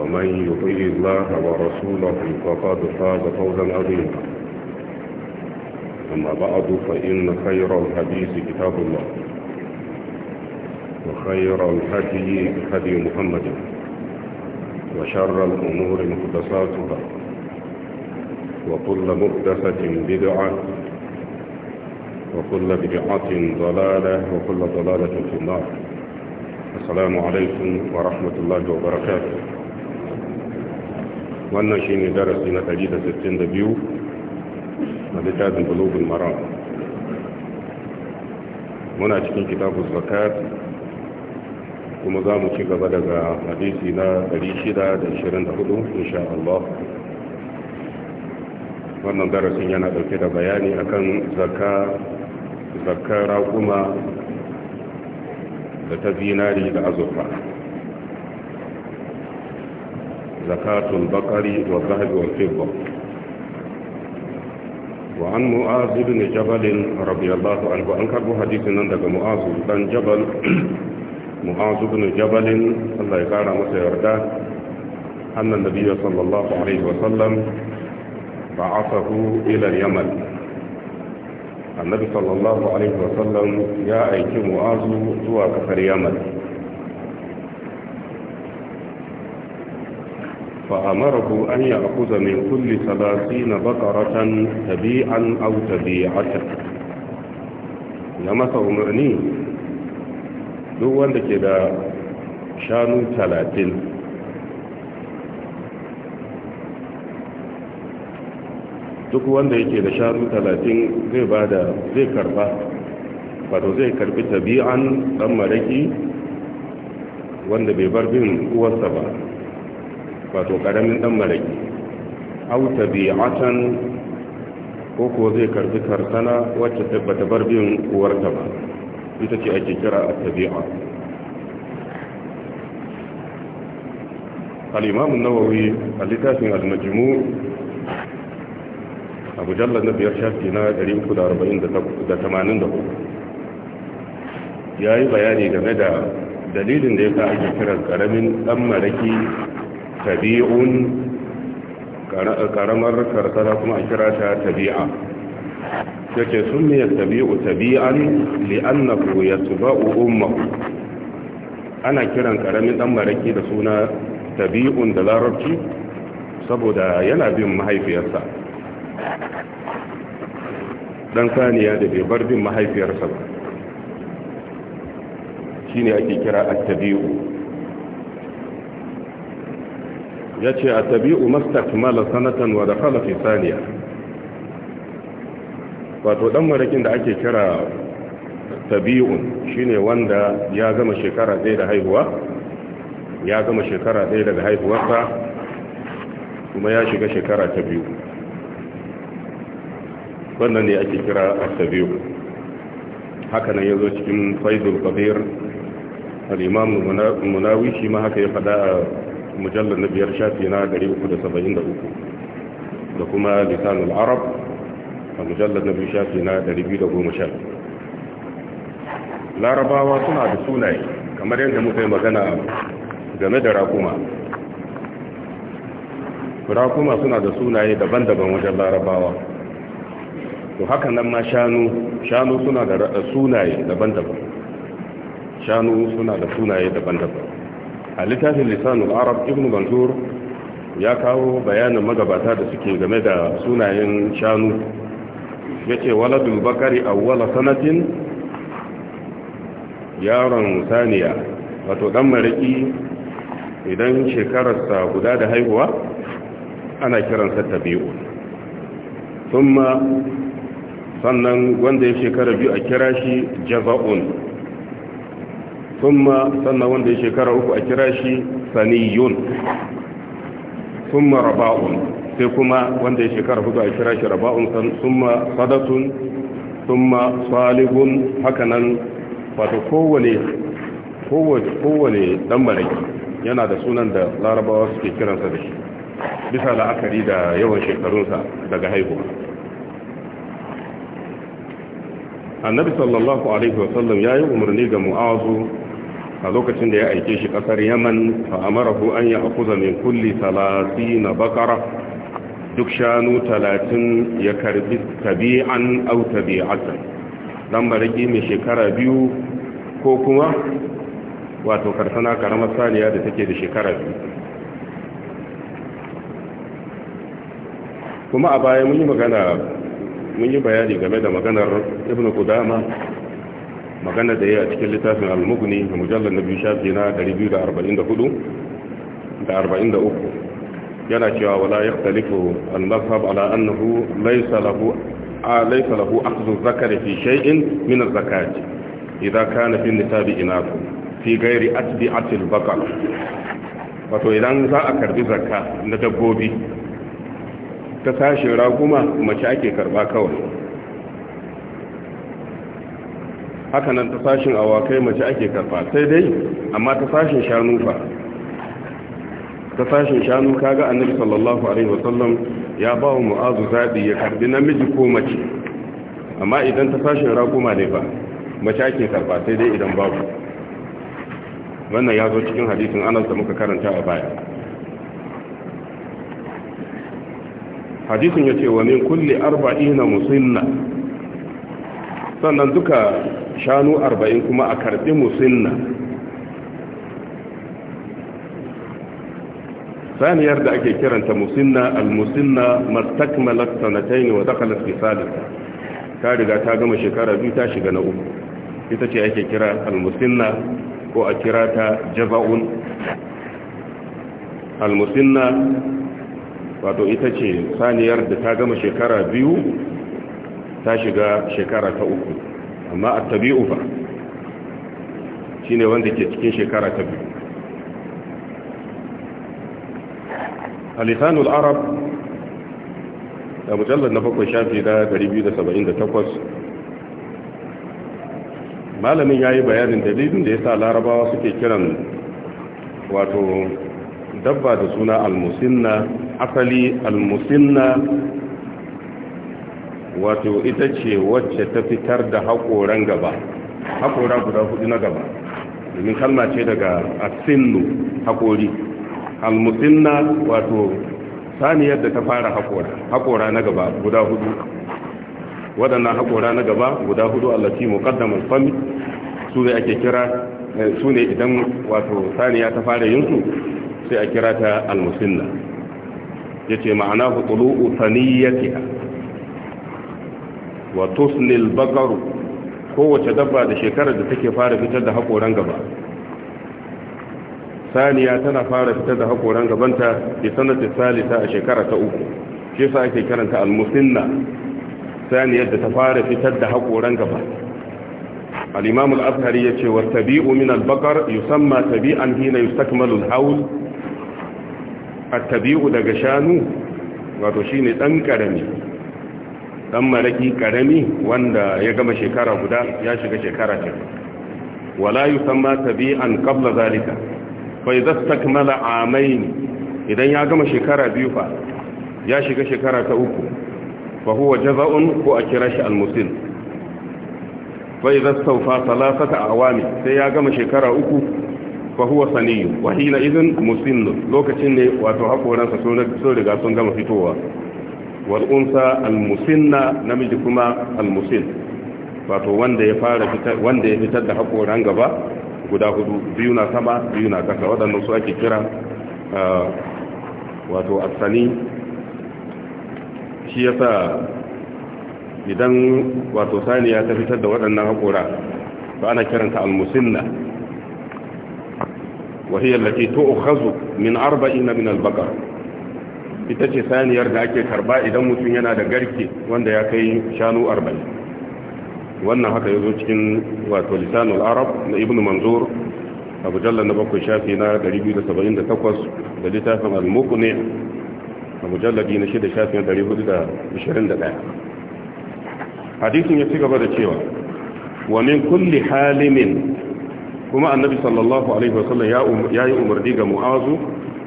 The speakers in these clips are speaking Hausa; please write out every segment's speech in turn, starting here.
ومن يطيع الله ورسوله فقد فاز فوزا عظيما أما بعد فإن خير الحديث كتاب الله وخير الهدي هدي محمد وشر الأمور محدثاتها وكل محدثة بدعة وكل بدعة ضلالة وكل ضلالة في النار السلام عليكم ورحمة الله وبركاته wannan shine darasi na 162 na littafin bulogin maram muna cikin kitabun zakat kuma za mu ci gaba daga hadisi na 624 insha Allah wannan darasin yana dauke da bayani akan zaka zakara kuma da ta zinari da azurfa zakatul bakari wa zahabi wal fidda وعن معاذ بن جبل رضي الله عنه وأن كربوا حديثنا عندك معاذ بن جبل معاذ بن جبل الله يقال مسا يرده أن النبي صلى الله عليه وسلم بعثه إلى اليمن النبي صلى الله عليه وسلم يا أيك معاذ زوى كفر يمن فأمره أن يأخذ من كل ثلاثين بقرة تبيعا أو تبيعة لما تأمرني duk wanda ke da shanu talatin duk wanda yake da shanu talatin zai karɓi zai karba wato zai karbi tabi'an dan maraki wanda bai bar bin uwarsa ba wato ƙaramin ɗan maraƙi auta tabi'atan ko ko zai karbi karsana wacce tabbata bar bin uwarta ba ita ce ake kira a tabi'a an nawawi a littafin al-majmu a mujallar na biyar shafi na 384 ya yi bayani game da dalilin da ya sa ake kiran karamin dan maraki tabi'un karamar karkara kuma a kira ta tabi'a yake sunniyar tabi'u tabi'an li'annahu yatba'u ummahu ana kiran karamin dan maraki da suna tabi'un da larabci saboda yana bin mahaifiyarsa dan saniya da bai bar bin mahaifiyarsa ba shine ake kira a tabiu ya ce a tabi'u mastakmala sanatan wa da fi saniya wato dan marakin da ake kira tabi'un shine wanda ya gama shekara ɗaya da haihuwa ya gama shekara ɗaya daga haihuwarsa kuma ya shiga shekara ta biyu wannan ne ake kira tabi'u haka nan ya zo cikin faizul kabir al-imam munawi shi ma haka ya fada a mujallar na biyar shafi na 373 da kuma lisanul arab a mujallar na biyu shafi na 210 larabawa suna da sunaye kamar yadda muka yi magana game da rakuma rakuma suna da sunaye daban-daban wajen larabawa to haka nan ma shanu shanu suna da sunaye daban-daban shanu suna da sunaye daban-daban a littafin lisanul arab ibn mansur ya kawo bayanin magabata da suke game da sunayen shanu ya ce waladul bakari wala sanatin yaron saniya wato dan mariki idan shekararsa guda da haihuwa ana kiransa tabi'u ma sannan wanda ya shekara biyu a kira shi jaza'un summa sannan wanda ya shekara uku a kira shi saniyun summa raba'un sai kuma wanda ya shekara hudu a kira shi raba'un summa sadatun summa hakanan dan maraki yana da sunan da larabawa suke kiransa da shi bisa la'akari da yawan shekarunsa daga haihuwa annabi sallallahu alaihi wasallam ya yi umarni ga mu'azu a lokacin da ya aike shi kasar yaman fa amarahu an ya akuza min kulli na bakara duk shanu talatin ya karbi tabi'an au tabi'atan dan baraki mai shekara biyu ko kuma wato karsana karamar saniya da take da shekara biyu kuma a baya mun yi magana mun yi bayani game da maganar ibnu kudama magana da ya a cikin littafin al-mughni a mujallar na biyu shafi na 244 da 43 yana cewa wala yaktalifu al-mazhab ala annahu laysa lahu laysa lahu akhdhu zakari fi shay'in min az-zakati idza kana fi nisabi inathu fi ghairi atbi'ati al wato idan za a karbi zakka na dabbobi ta sashin raguma mace ake karba kawai haka nan ta sashin awakai mace ake karfa sai dai amma ta sashin shanu fa ta sashin shanu kaga annabi sallallahu alaihi wasallam ya ba wa mu'azu zaɓi ya karbi namiji ko mace amma idan ta sashin raƙuma ne ba mace ake karfa sai dai idan babu wannan ya zo cikin hadisin anas da muka karanta a baya hadisin ya ce wa min kulli arba'ina musinna sannan duka shanu arba'in kuma a karɓi musinna saniyar da ake kiranta musinna al-musinna mastakmalar sanatai ne wa zakalar fisalin ta riga ta gama shekara biyu ta shiga na uku ita ce ake kira al-musinna ko a kira ta jaba'un al-musinna wato ita ce saniyar da ta gama shekara biyu ta shiga shekara ta uku amma a tabi'u ba, shi ne wanda ke cikin shekara ta biyu a lisanul arab da mujallar na bakwai shafi na 278 malamin ya yi bayanin dalilin da ya sa larabawa suke kiran wato dabba da suna almusinna asali almusinna wato ita ce wacce ta fitar da haƙoran gaba haƙora guda hudu na gaba domin kalma ce daga asinnu haƙori almusinna wato saniyar da ta fara haƙora haƙora na gaba guda hudu waɗannan haƙora na gaba guda hudu allaci muqaddamul fami su ne ake kira eh, su ne idan wato saniya ta fara yin su sai a kira ta almusinna yace ma'ana hutulu saniyatiha wa tuslil bakaru kowace dabba da shekarar da take fara fitar da haƙoran gaba saniya tana fara fitar da haƙoran gabanta da sanata salisa a shekara ta uku shi sa ake karanta almusinna saniyar da ta fara fitar da haƙoran gaba al-imam al-azhari yace wa tabi'u min al-baqar yusamma tabi'an hina yustakmalu al-hawl at-tabi'u daga shanu wato shine dan karami dan maraki karami wanda ya gama shekara guda ya shiga shekara ta wala yusamma tabi'an qabla zalika fa idza istakmala amayn idan ya gama shekara biyu fa ya shiga shekara ta uku fa huwa jaza'un ko a kira shi al-musil fa idza istawfa thalathata awami sai ya gama shekara uku fa huwa saniyyu wa hina idhan musil lokacin ne wato hakoransa sun riga sun gama fitowa wal'unsa almusinna namiji kuma almusin wato wanda ya fara wanda ya fitar da hakoran gaba guda hudu biyu na sama biyu na kasa waɗannan su ake kira wato asani shi yasa idan wato Sani saniya ta fitar da waɗannan haƙora, to ana kiranta almusinna وهي التي min من أربعين من البقر ita ce saniyar da ake karba idan mutum yana da garke wanda ya kai shanu arba'in wannan haka ya zo cikin wato lisanul arab na ibn manzur a mujallar na bakwai shafi na 278 da littafin al-muku ne a mujallar na shida shafi na 421 hadisin ya ci gaba da cewa wa min kulli halimin kuma annabi sallallahu alaihi wasallam ya um-, yi umarni ga mu'azu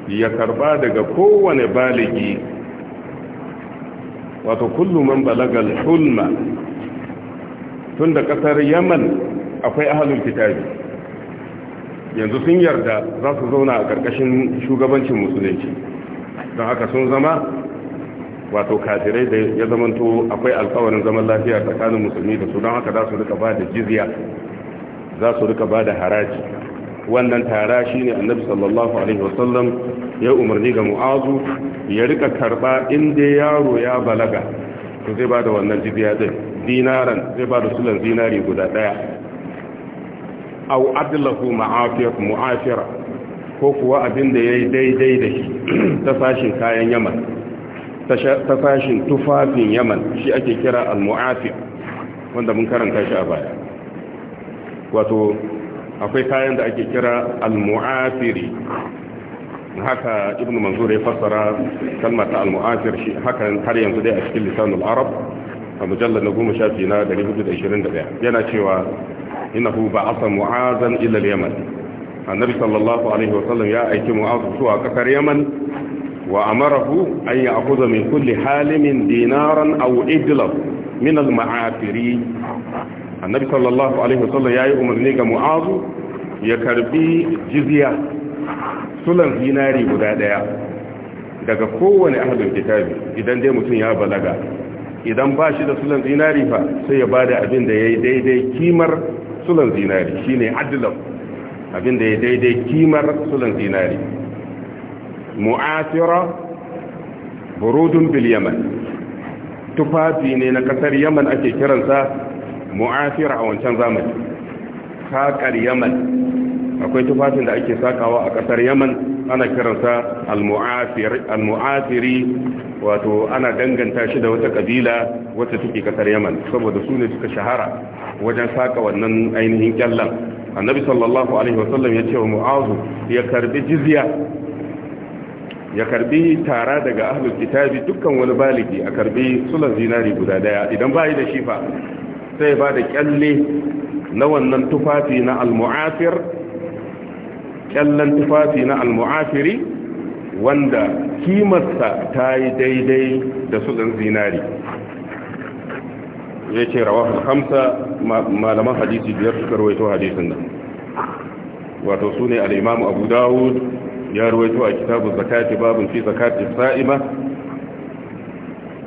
ya karba daga kowane baligi wato kullu man balaga al-hulma tun da kasar yaman akwai ahlul kitabi yanzu sun yarda za su zauna a karkashin shugabancin musulunci don haka sun zama wato kafirai da ya zamanto akwai alkawarin zaman lafiya tsakanin musulmi da su don haka za su rika ba da jizya za su rika ba da haraji wannan tara shi ne annabi sallallahu alaihi wasallam ya umarni ga mu'azu ya rika karba inda yaro ya balaga to zai bada wannan jibiya din dinaran zai bada sulan dinari guda daya au adlahu ma'afiyat mu'afira ko kuwa abin abinda yayi daidai da shi ta fashin kayan yaman ta fashin tufafin yaman shi ake kira al-mu'afi wanda mun karanta shi a baya wato akwai kayan da ake kira al-mu'afiri haka ibn manzur ya fassara kalmar ta al-mu'afir shi haka har yanzu dai a cikin lisanul arab a mujallar na goma shafi na daya yana cewa ina innahu ba'atha mu'azan ila al-yaman annabi sallallahu alaihi wa sallam ya aiki mu'az zuwa kasar yaman wa amarahu an ya'khudha min kulli halimin dinaran aw idlan min al-ma'afiri annabi sallallahu alaihi wasallam yayi umarni ga mu'azu ya karbi jizya sulan zinari guda daya daga kowane ahlul kitabi idan dai mutum ya balaga idan ba shi da sulan zinari fa sai ya bada abin da yayi daidai kimar sulan zinari shine adlam abin da yayi daidai kimar sulan zinari mu'asira burudun bil yaman tufafi ne na kasar yaman ake kiransa mu'afira a wancan zamani saƙar yaman akwai tufafin da ake sakawa a ƙasar yaman ana kiransa al-mu'afiri wato ana danganta shi da wata ƙabila wacce take ƙasar yaman saboda su ne suka shahara wajen saka wannan ainihin kyallan annabi sallallahu alaihi wasallam ya ce wa mu'azu ya karbi jizya ya karbi tara daga ahlul kitabi dukkan wani baligi a karbi sulan zinari guda daya idan bayi da shifa sai ba da kyalle na wannan tufafi na almu'afir kyallen tufafi na almu'afiri wanda kimarsa ta yi daidai da sudan zinari ya ce rawa hamsa malaman hadisi biyar suka rawaito hadisin nan wato su ne al'imamu abu dawud ya ruwaito a kitabu zakati babin fi zakati sa'ima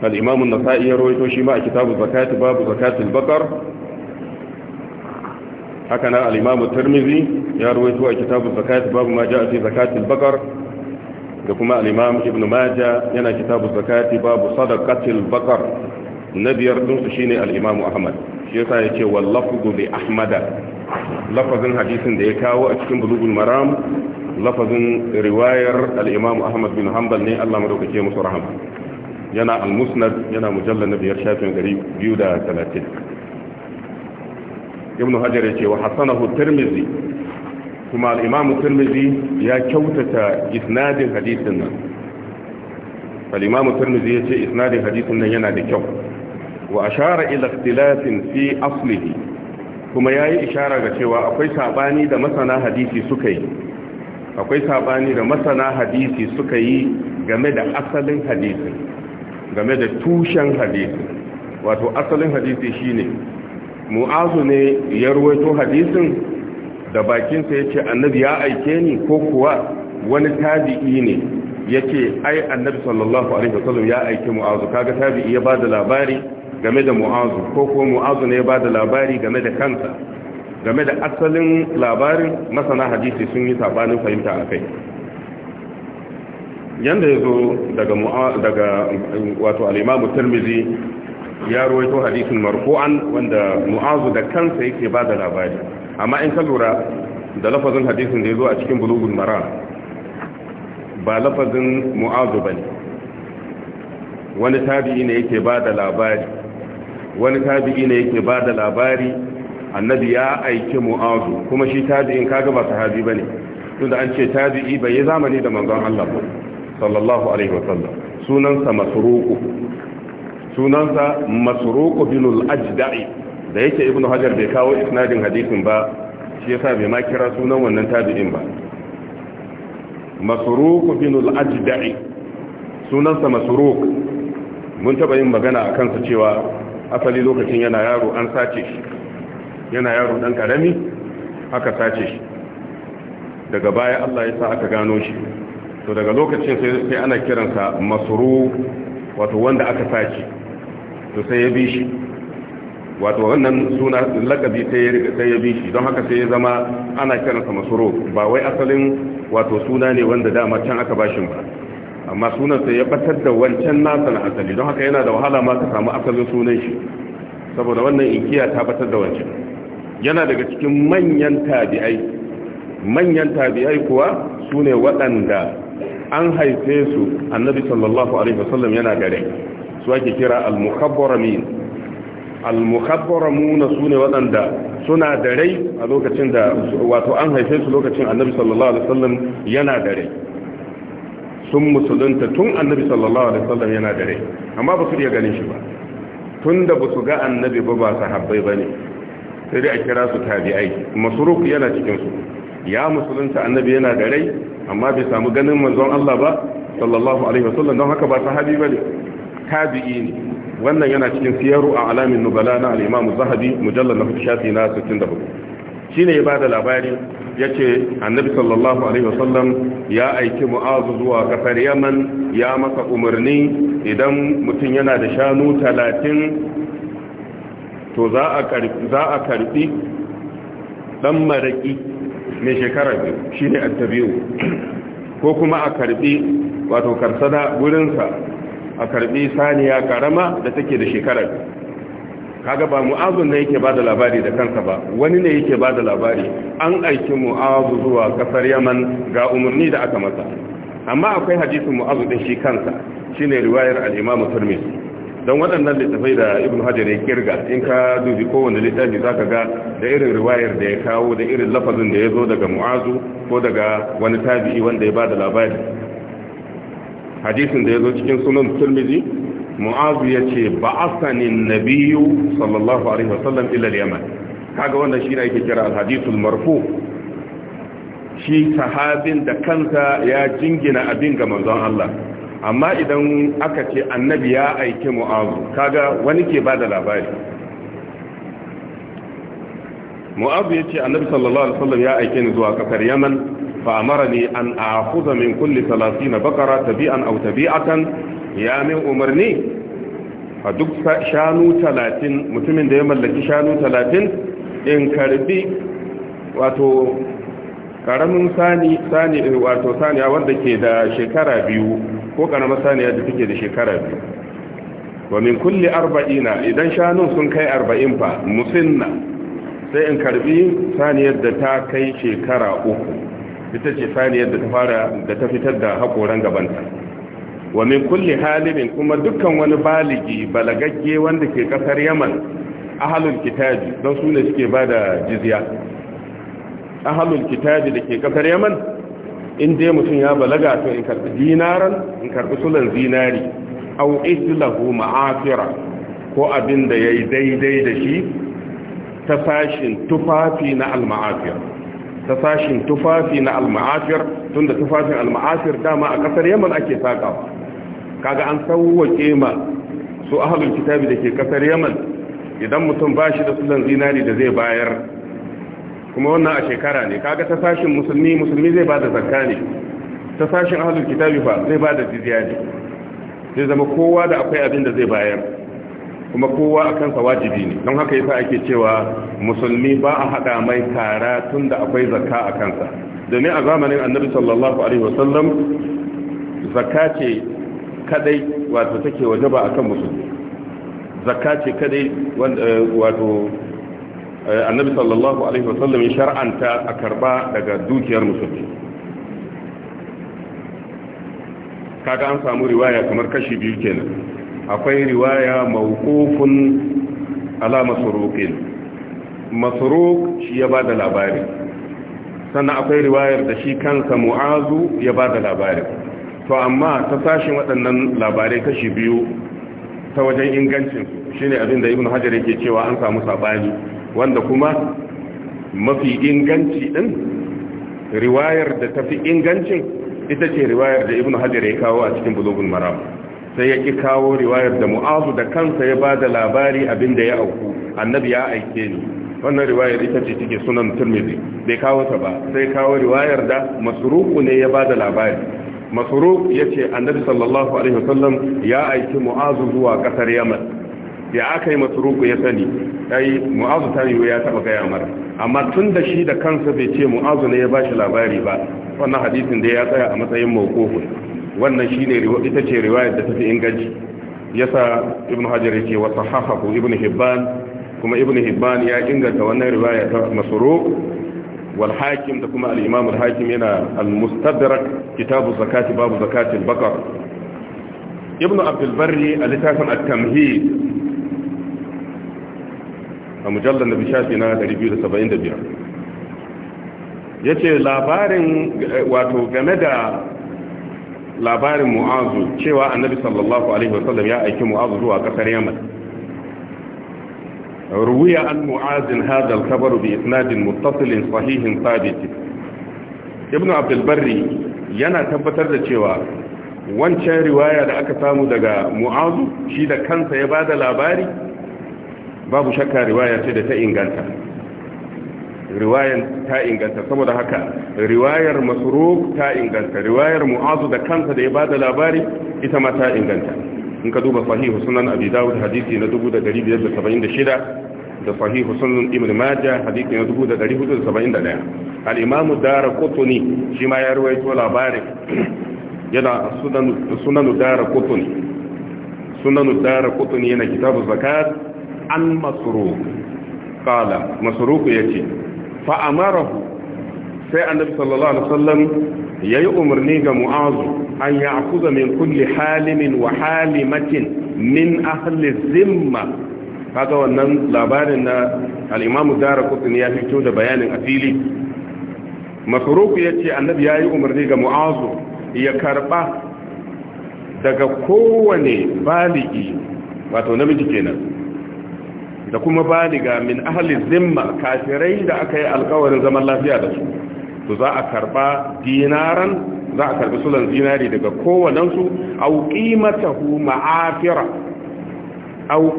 al-imam an-nasa'i ya rawaito shi ma a kitabu zakati babu zakatil baqar haka nan al-imam ya rawaito a kitabu zakati babu ma ja'a fi zakatil da kuma al ibn majah yana kitabu zakati babu sadaqatil baqar na biyar din su shine al-imam ahmad shi yasa yace wallafu li ahmada lafazin hadisin da ya kawo a cikin bulugul maram lafazin riwayar al ahmad bin hanbal ne Allah madaukake musu rahama yana al-musnad yana mujallar na biyar shafin gari biyu da talatin ibn hajar ya ce wa hassanahu tirmizi kuma al-imam tirmizi ya kyautata isnadin hadisin nan al-imam tirmizi ya ce isnadin hadisin nan yana da kyau wa ashara ila ikhtilafin fi aslihi kuma yayi ishara ga cewa akwai sabani da masana hadisi suka yi akwai sabani da masana hadisi suka yi game da asalin hadisin game da tushen hadisi wato asalin hadisi shine mu'azu ne ya ruwaito hadisin da bakinsa ya ce annabi ya aike ni ko kuwa wani tabi'i ne ya ce ai annabi sallallahu alaihi wasallam ya aike mu'azu kaga tabi'i ya ba da labari game da mu'azu ko kuwa mu'azu ne ya ba da labari game da kansa game da asalin labarin masana hadisi sun yi sabanin fahimta a kai yanda ya zo daga wato al'imamu turmizi ya ruwaito hadisin marfu'an wanda mu'azu da kansa yake ba da labari amma in ka lura da lafazin hadisin da ya zo a cikin bulugun mara ba lafazin mu'azu ba ne wani tabi'i ne yake ba da labari wani tabi'i ne yake ba da labari annabi ya aiki mu'azu kuma shi tabi'in kaga ba sahabi ba ne tunda an ce tabi'i bai yi zamani da manzon Allah ba sallallahu alaihi wasallam sunansa masruku sunansa masruku bin al-ajda'i da yake ibnu hajar bai kawo isnadin hadisin ba shi yasa bai ma kira sunan wannan tabi'in ba masruku bin al-ajda'i sunansa masruk mun taba yin magana a kansa cewa asali lokacin yana yaro an sace shi yana yaro dan karami aka sace shi daga baya Allah ya sa aka gano shi to daga lokacin sai ana kiransa masru wato wanda aka sace to sai ya bi shi wato wannan suna lakabi sai ya bi shi don haka sai ya zama ana kiransa masru ba wai asalin wato suna ne wanda dama can aka bashin ba amma sunan ya batar da wancan nasa na asali don haka yana da wahala ma ka samu asalin sunan shi saboda wannan inkiya ta batar da wancan yana daga cikin manyan tabi'ai manyan tabi'ai kuwa su ne waɗanda an haife su annabi sallallahu alaihi wasallam yana gare su ake kira al-mukhabbaramin al-mukhabbaramuna sune waɗanda suna da rai a lokacin da wato an haife su lokacin annabi sallallahu alaihi wasallam yana da rai sun musulunta tun annabi sallallahu alaihi wasallam yana da rai amma ba su iya ganin shi ba tun da ba su ga annabi ba ba sahabbai bane sai dai a kira su tabi'ai masruq yana cikin su ya musulunta annabi yana da rai amma bai samu ganin manzon Allah ba sallallahu alaihi wasallam don haka ba sahabi bane tabi'i ne wannan yana cikin siyaru a alamin nubala na al-imam zahabi mujallal na shafi na 64 shine ya bada labari yace annabi sallallahu alaihi wasallam ya aiki mu'azu zuwa kasar yaman ya masa umarni idan mutum yana da shanu 30 to za a karbi za a karbi dan maraki mai shekara biyu shi ne attabiyu ko kuma a karbi wato karsada gurinsa a karbi saniya karama da take da shekara biyu kaga ba mu'azun ne yake bada labari da kansa ba wani ne yake bada labari an aiki mu'azu zuwa kasar yaman ga umarni da aka masa amma akwai hadisin mu'azu din shi kansa shine riwayar al-imamu tirmidhi don waɗannan littafai da ibn hajar ya kirga in ka dubi kowane littafi za ka ga da irin riwayar da ya kawo da irin lafazin da ya zo daga mu'azu ko daga wani tabi'i wanda ya ba da labari hadisin da ya zo cikin sunan turmizi mu'azu ya ce ba asanin nabiyu sallallahu alaihi wasallam ilal yaman kaga wannan shi ne ake kira alhadisul marfu shi sahabin da kansa ya jingina abin ga manzon Allah amma idan aka ce annabi ya aike mu'azu kaga wani ke bada labari mu'azu ya ce annabi sallallahu alaihi wasallam ya aike ni zuwa kasar yaman fa'amara ne ni a akhudha min kulli na bakara tabi'an aw tabi'atan ya min umarni a duk shanu talatin mutumin da ya mallaki shanu talatin in karbi wato karamin sani sani wato saniya wanda ke da shekara biyu ko karamar saniya da take da shekara biyu wa min kulli arba'ina idan shanun sun kai arba'in fa musinna sai in karbi saniyar da ta kai shekara uku ita ce saniyar da ta fara da ta fitar da hakoran gabanta wa min kulli halibin kuma dukkan wani baligi balagagge wanda ke kasar yaman ahalul kitabi don su ne suke ba da jizya ahalul kitabi da ke ƙasar yaman in dai mutum ya balaga to in karbi dinaran in karbi sulan zinari aw islahu ma'afira ko abin da yayi daidai da shi ta tufafi na al-ma'afir ta tufafi na al-ma'afir tunda tufafin al-ma'afir dama a kasar Yaman ake saka kaga an sauwake ma su ahlul kitabi dake kasar Yaman idan mutum bashi da sulan zinari da zai bayar kuma wannan a shekara ne kaga ta sashin musulmi musulmi zai bada zakka ne ta sashin ahlul kitabi fa zai bada jizya ne zai zama kowa da akwai abin da zai bayar kuma kowa a kansa wajibi ne don haka yasa ake cewa musulmi ba a hada mai tara tun da akwai zakka a kansa domin a zamanin annabi sallallahu alaihi wasallam zakka ce kadai wato take wajaba akan musulmi zakka ce kadai eh, wato Eh, annabi sallallahu alaihi wasallam ya shar'anta a karba daga dukiyar musulmi kaga an samu riwaya kamar kashi biyu kenan akwai riwaya mawqufun ala masruqin masruq shi ya bada labari sannan akwai riwayar da shi kansa mu'azu ya bada labari to amma ta sashin waɗannan labarai kashi biyu ta wajen ingancin shine abin da ibnu hajar yake cewa an samu sabani wanda kuma mafi inganci din riwayar da ta fi ingancin ita ce riwayar da Ibn hajar ya kawo a cikin bulogun maram sai ya ki kawo riwayar da mu'azu da kansa ya ba da labari abin da ya auku annabi ya aike ni wannan riwayar ita ce cike sunan turmizi bai kawo ta ba sai kawo riwayar da masruku ne ya ba da labari masruku ce annabi sallallahu alaihi wasallam ya aiki mu'azu zuwa kasar yaman ya aka yi masruku ya sani ai mu'azu ta ya taba gaya mara amma tun da shi da kansa bai ce mu'azu ne ya ba shi labari ba wannan hadisin da ya tsaya a matsayin mawqufun wannan ne ita ce riwayar da tafi inganci yasa ibnu hajar yake wa sahahahu Ibn hibban kuma Ibn hibban ya inganta wannan riwaya ta masruq wal hakim da kuma al imam al hakim yana al mustadrak kitabu zakati babu zakati al Ibn ibnu abdul barri a littafin at tamhid a mujallar da bishafi na 275 ya ce labarin wato game da labarin mu'azu cewa annabi sallallahu alaihi wasallam ya aiki mu'azu zuwa kasar yaman ruwiya an mu'azin hadal kabaru bi isnadin muttasilin sahihin sabiti ibn abdulbarri yana tabbatar da cewa wancan riwaya da aka samu daga mu'azu shi da kansa ya bada labari babu shakka riwaya ce da ta inganta riwayan ta inganta saboda haka riwayar masruk ta inganta riwayar mu'azu da kansa da ya bada labari ita ma ta inganta in ka duba sahihu sunan abi dawud hadisi na 1576 da sahihu sunan ibn majah hadisi na 1471 al-imam ad-darqutni shi ma ya rawaito labarin yana sunan sunan ad-darqutni sunan darqutni yana kitabu zakat an masruq qala masruq yace fa amarahu sai annabi sallallahu alaihi wasallam yayi umarni ga mu'azu an ya'khudha min kulli halimin wa halimatin min ahli zimma kaga wannan labarin na al-imam Darqutni ya fito da bayanin afili masruq yace annabi yayi umarni ga mu'azu ya karba daga kowane baligi wato namiji kenan da kuma baliga min ahli zimma kafirai da aka yi alkawarin zaman lafiya da su to za a karba dinaran za a karbi sulan zinari daga kowanensu au ma'afira au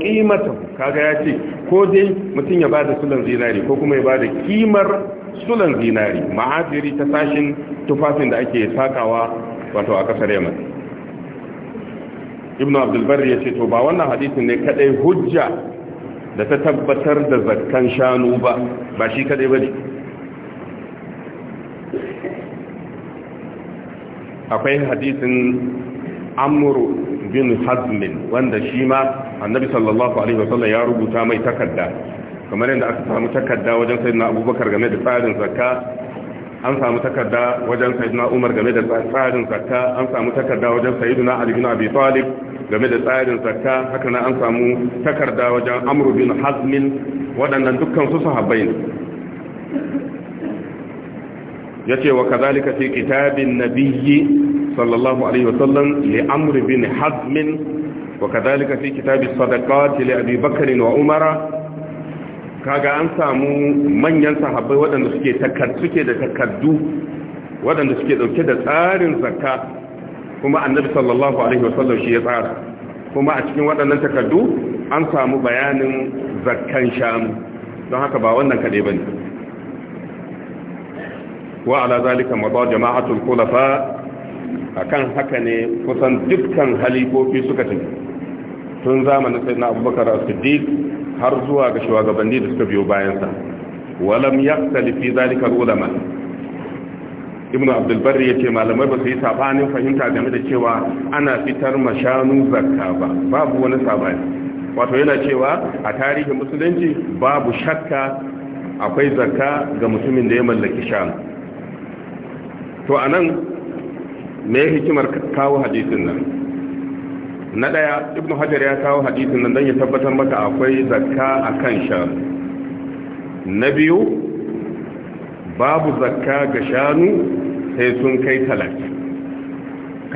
kaga ya ce ko dai mutum ya bada sulan zinari ko kuma ya bada kimar sulan zinari, ma'afiri ta sashin tufafin da ake sakawa wato a kasar yaman ibnu abdulbar ya ce to ba wannan hadisin ne kadai hujja da ta tabbatar da zakkan shanu ba ba shi kadai ba ne akwai hadisin amuru bin hazmin wanda shi ma annabi sallallahu alaihi wasallam ya rubuta mai takarda kamar yadda aka samu takarda wajen sayyidina abubakar game da tsarin zakka an samu takarda wajen sayyidina Umar game da tsarin zakka an samu takarda wajen sayyidina Ali bin Abi Talib game da tsarin zakka haka nan an samu takarda wajen Amr bin Hazm waɗannan dukkan su sahabbai ne yace wa kadhalika fi kitabin nabiyyi sallallahu alaihi wasallam li Amr bin Hazm wa kadhalika fi kitab as-sadaqat li Abi Bakr wa Umar kaga an samu manyan sahabbai waɗanda suke da takardu waɗanda suke ɗauke da tsarin zakka kuma annabi sallallahu alaihi wasallam shi ya tsara kuma a cikin waɗannan takardu an samu bayanin zakkan shamu don haka ba wannan kaɗai ba ne wa ala zalika maza jama'atul kulafa akan haka ne kusan dukkan halifofi suka tafi tun zamanin sayyidina abubakar as har zuwa ga shugabanni da suka biyo bayansa walam yaktali fi zalika ulama ibn abdul barri yace malamai ba su yi sabanin fahimta game da cewa ana fitar mashanu zakka ba babu wani sabani wato yana cewa a tarihin musulunci babu shakka akwai zakka ga mutumin da ya mallaki shanu to anan me hikimar kawo hadisin nan na daya ibnu hajar ya kawo hadisin nan don ya tabbatar maka akwai zakka a kan shanu na biyu babu zakka ga shanu sai sun kai talaki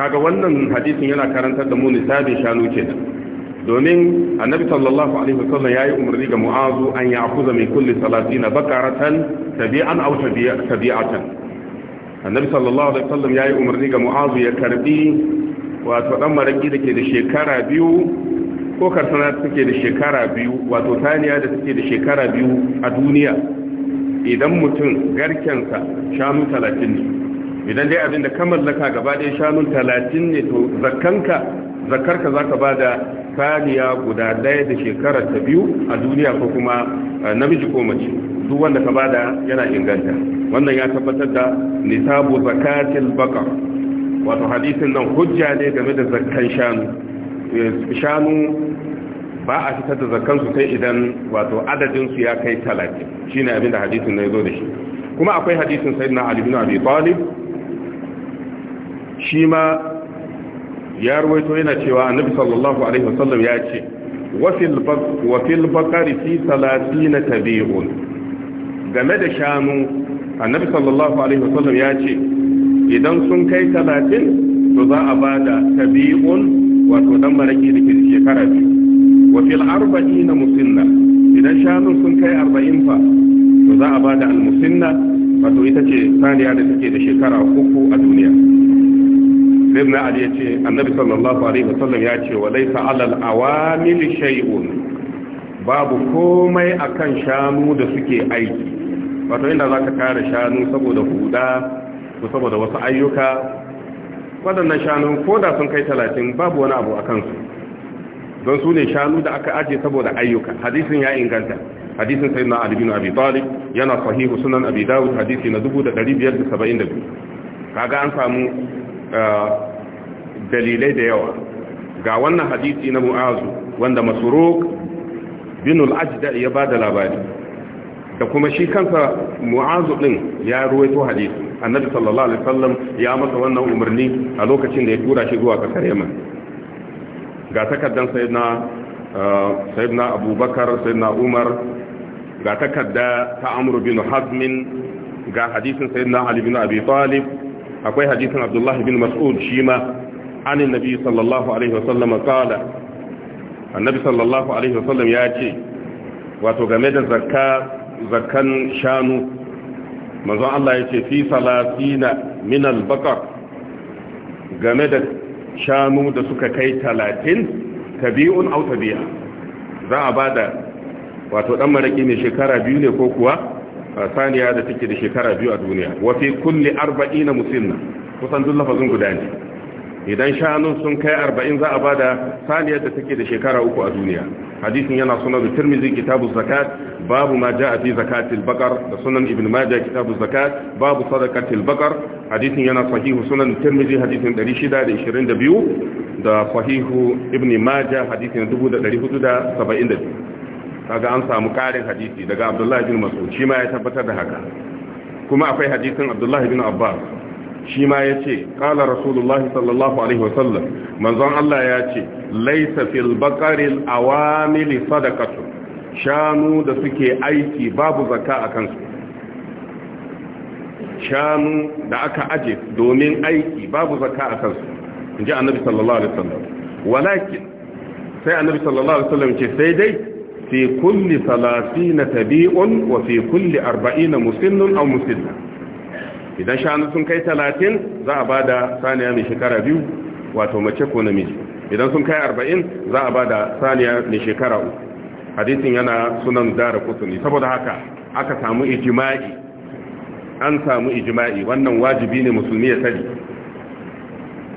kaga wannan hadisin yana karantar da mu nisabin shanu kenan domin annabi sallallahu alaihi wasallam yayi umarni ga mu'azu an ya'khudha min kulli salatina bakaratan tabi'an aw tabi'atan annabi sallallahu alaihi wasallam yayi umarni ga mu'azu ya karbi wato dan maraki da ke da shekara biyu ko karsana da take da shekara biyu wato taniya da take da shekara biyu a duniya idan mutum garkensa shanu talatin ne idan dai abinda da ka mallaka gaba ɗaya shanu talatin ne to zakanka zakarka za ka ba da taniya guda ɗaya da shekara ta biyu a duniya ko kuma eh, namiji ko mace duk wanda ka ba da yana inganta wannan ya tabbatar da nisabu zakatil bakar wato hadisin nan hujja ne game da zakkan shanu eh, shanu ba a fitar da zakkansu sai idan wato adadinsu ya kai talatin shi ne abinda hadisin na ya zo da shi kuma akwai hadisin sai na alibinu abi talib shi ma ya ruwaito yana cewa annabi sallallahu alaihi wasallam ya ce wafil bakari fi talatina tabi'un game da shanu annabi sallallahu alaihi wasallam ya ce idan sun kai talatin to za a ba da tabi'un wato dan maraki da ke shekara biyu wa fil arba'ina musinna idan shanun sun kai arba'in fa to za a ba da almusinna wato ita ce saniya da take da shekara uku a duniya sai ibn ali ya ce annabi sallallahu alaihi wasallam ya ce wa laysa alal awamil shay'un babu komai akan shanu da suke aiki wato inda zaka kare shanu saboda huda su saboda wasu ayyuka waɗannan shanu ko da sun kai talatin babu wani abu a kansu don su ne shanu da aka aje saboda ayyuka hadisin ya inganta hadisin sai na alibinu abi talib yana sahihu sunan abi dawud hadisi na 1572 kaga an samu ah, dalilai da yawa ga wannan hadisi na mu'azu wanda masuruk bin al-ajda ya bada labari da kuma shi kansa mu'azu din ya ruwaito hadisi annabi sallallahu alaihi wasallam ya masa wannan umarni a lokacin da ya tura shi zuwa kasar yaman ga takaddan sayyidina uh, sayyidina abubakar sayyidina umar ga takadda ta amru bin hazmin ga hadisin sayyidina ali bin abi talib akwai hadisin abdullahi bin mas'ud shima an annabi sallallahu alaihi wasallam qala annabi sallallahu alaihi wasallam ya ce wato game da zakka zakan shanu mazan Allah ya ce fi salatina min albaqar game da shanu da suka kai talatin tabi'un aw tabi'a za a bada wato dan maraki ne shekara biyu ne ko kuwa saniya da take da shekara biyu a duniya wa kulle kulli 40 musinna kusan duk lafazin guda ne idan shanun sun kai arba'in za a bada saniyar da take da shekara uku a duniya hadisin yana sunan tirmizi kitabu zakat babu ma a fi zakatil bakar da sunan ibn majah kitabu zakat babu sadaqatil baqar hadisin yana sahihu sunan tirmizi hadisin 622 da sahihu ibn majah hadisin 1472 kaga an samu karin hadisi daga abdullahi bin mas'ud shi ma ya tabbatar da haka kuma akwai hadisin abdullahi bin abbas shi ma ya ce ƙala rasulullah sallallahu alaihi wasallam manzon Allah ya ce laisa fil bakaril awamili sadakatu shanu da suke aiki babu zakka a kansu shanu da aka aje domin aiki babu zakka a kansu in ji annabi sallallahu alaihi wasallam walakin sai annabi sallallahu alaihi wasallam ce sai dai fi kulli salatina tabi'un wa fi kulli arba'ina musinnun aw musinna idan shanu sun kai talatin za a ba da saniya mai shekara biyu wato mace ko namiji idan sun kai arba'in za a ba da saniya mai shekara uku hadisin yana sunan dara kusuri saboda haka aka samu ijima'i an samu ijima'i wannan wajibi ne musulmi ya sani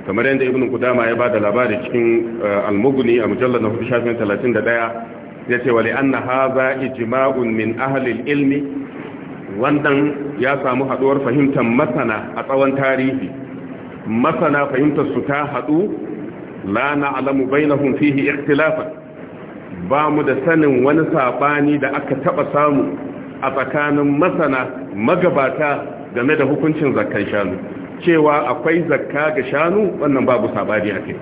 kamar yadda ibn kudama ya ba da labari cikin eh, almuguni a mujallar na shafin 31 ya ce wale an na haza ijima'un min ahalil ilmi wannan ya samu haduwar fahimtar masana a tsawon tarihi masana fahimtar su ta hadu la na'lamu bainahum fihi ikhtilafa ba mu da sanin wani sabani da aka taba samu a tsakanin masana magabata game da hukuncin zakkan shanu cewa akwai zakka ga shanu wannan babu sabani a kai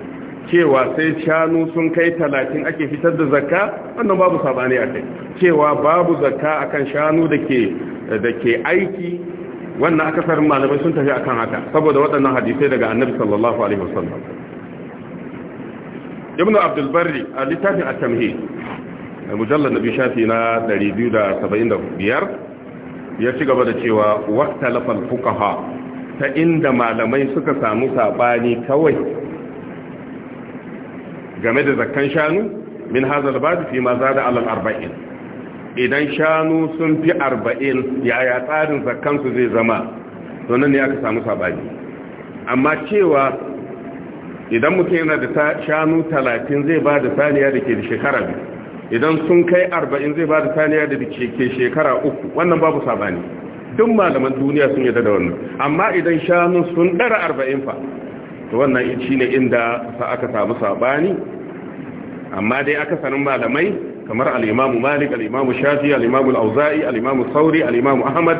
cewa sai shanu sun kai talatin ake fitar da zakka wannan babu sabani a kai cewa babu zakka akan shanu da ke da ke aiki wannan akasarin malamai sun tafi akan haka saboda waɗannan hadisai daga annabi sallallahu alaihi wasallam ibn abdul barri a littafin at-tamhid mujallal nabi shafi na 275 ya ci gaba da cewa waqtalafa al-fuqaha ta inda malamai suka samu sabani kawai game da zakkan shanu min hadha al-bab fi ma zada ala arbain idan shanu sun fi arba'in yaya tsarin zakkansu zai zama nan ne aka samu sabani amma cewa idan mutum yana da shanu talatin zai ba da saniya da ke da shekara biyu idan sun kai arba'in zai ba da saniya da ke shekara uku wannan babu sabani duk malaman duniya sun yi da wannan amma idan shanu sun ɗara arba'in fa to wannan shi ne inda aka samu sabani amma dai aka sanin malamai kamar alimamu Malik alimamu Shafi alimamu imam alimamu auzai alimamu imam Thawri Ahmad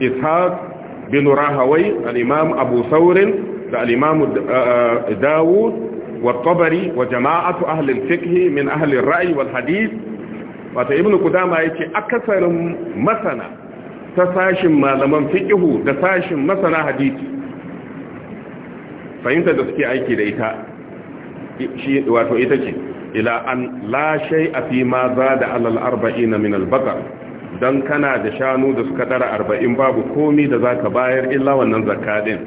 Ishaq bin Rahawai alimamu Abu saurin da alimamu dawo eh, Dawud wa Tabari wa jama'atu ahli fikhi min ahli ar-ra'y wal hadith wato Ibn Qudama yace akasarin masana ta sashin malaman fikihu da sashin masana hadith fahimtar da suke aiki da ita wato ita ce ila an lashe shay'a fi ma zada ala al-arba'ina min al-baqar dan kana da shanu da suka dara arba'in babu komi da za ka bayar illa wannan zakka din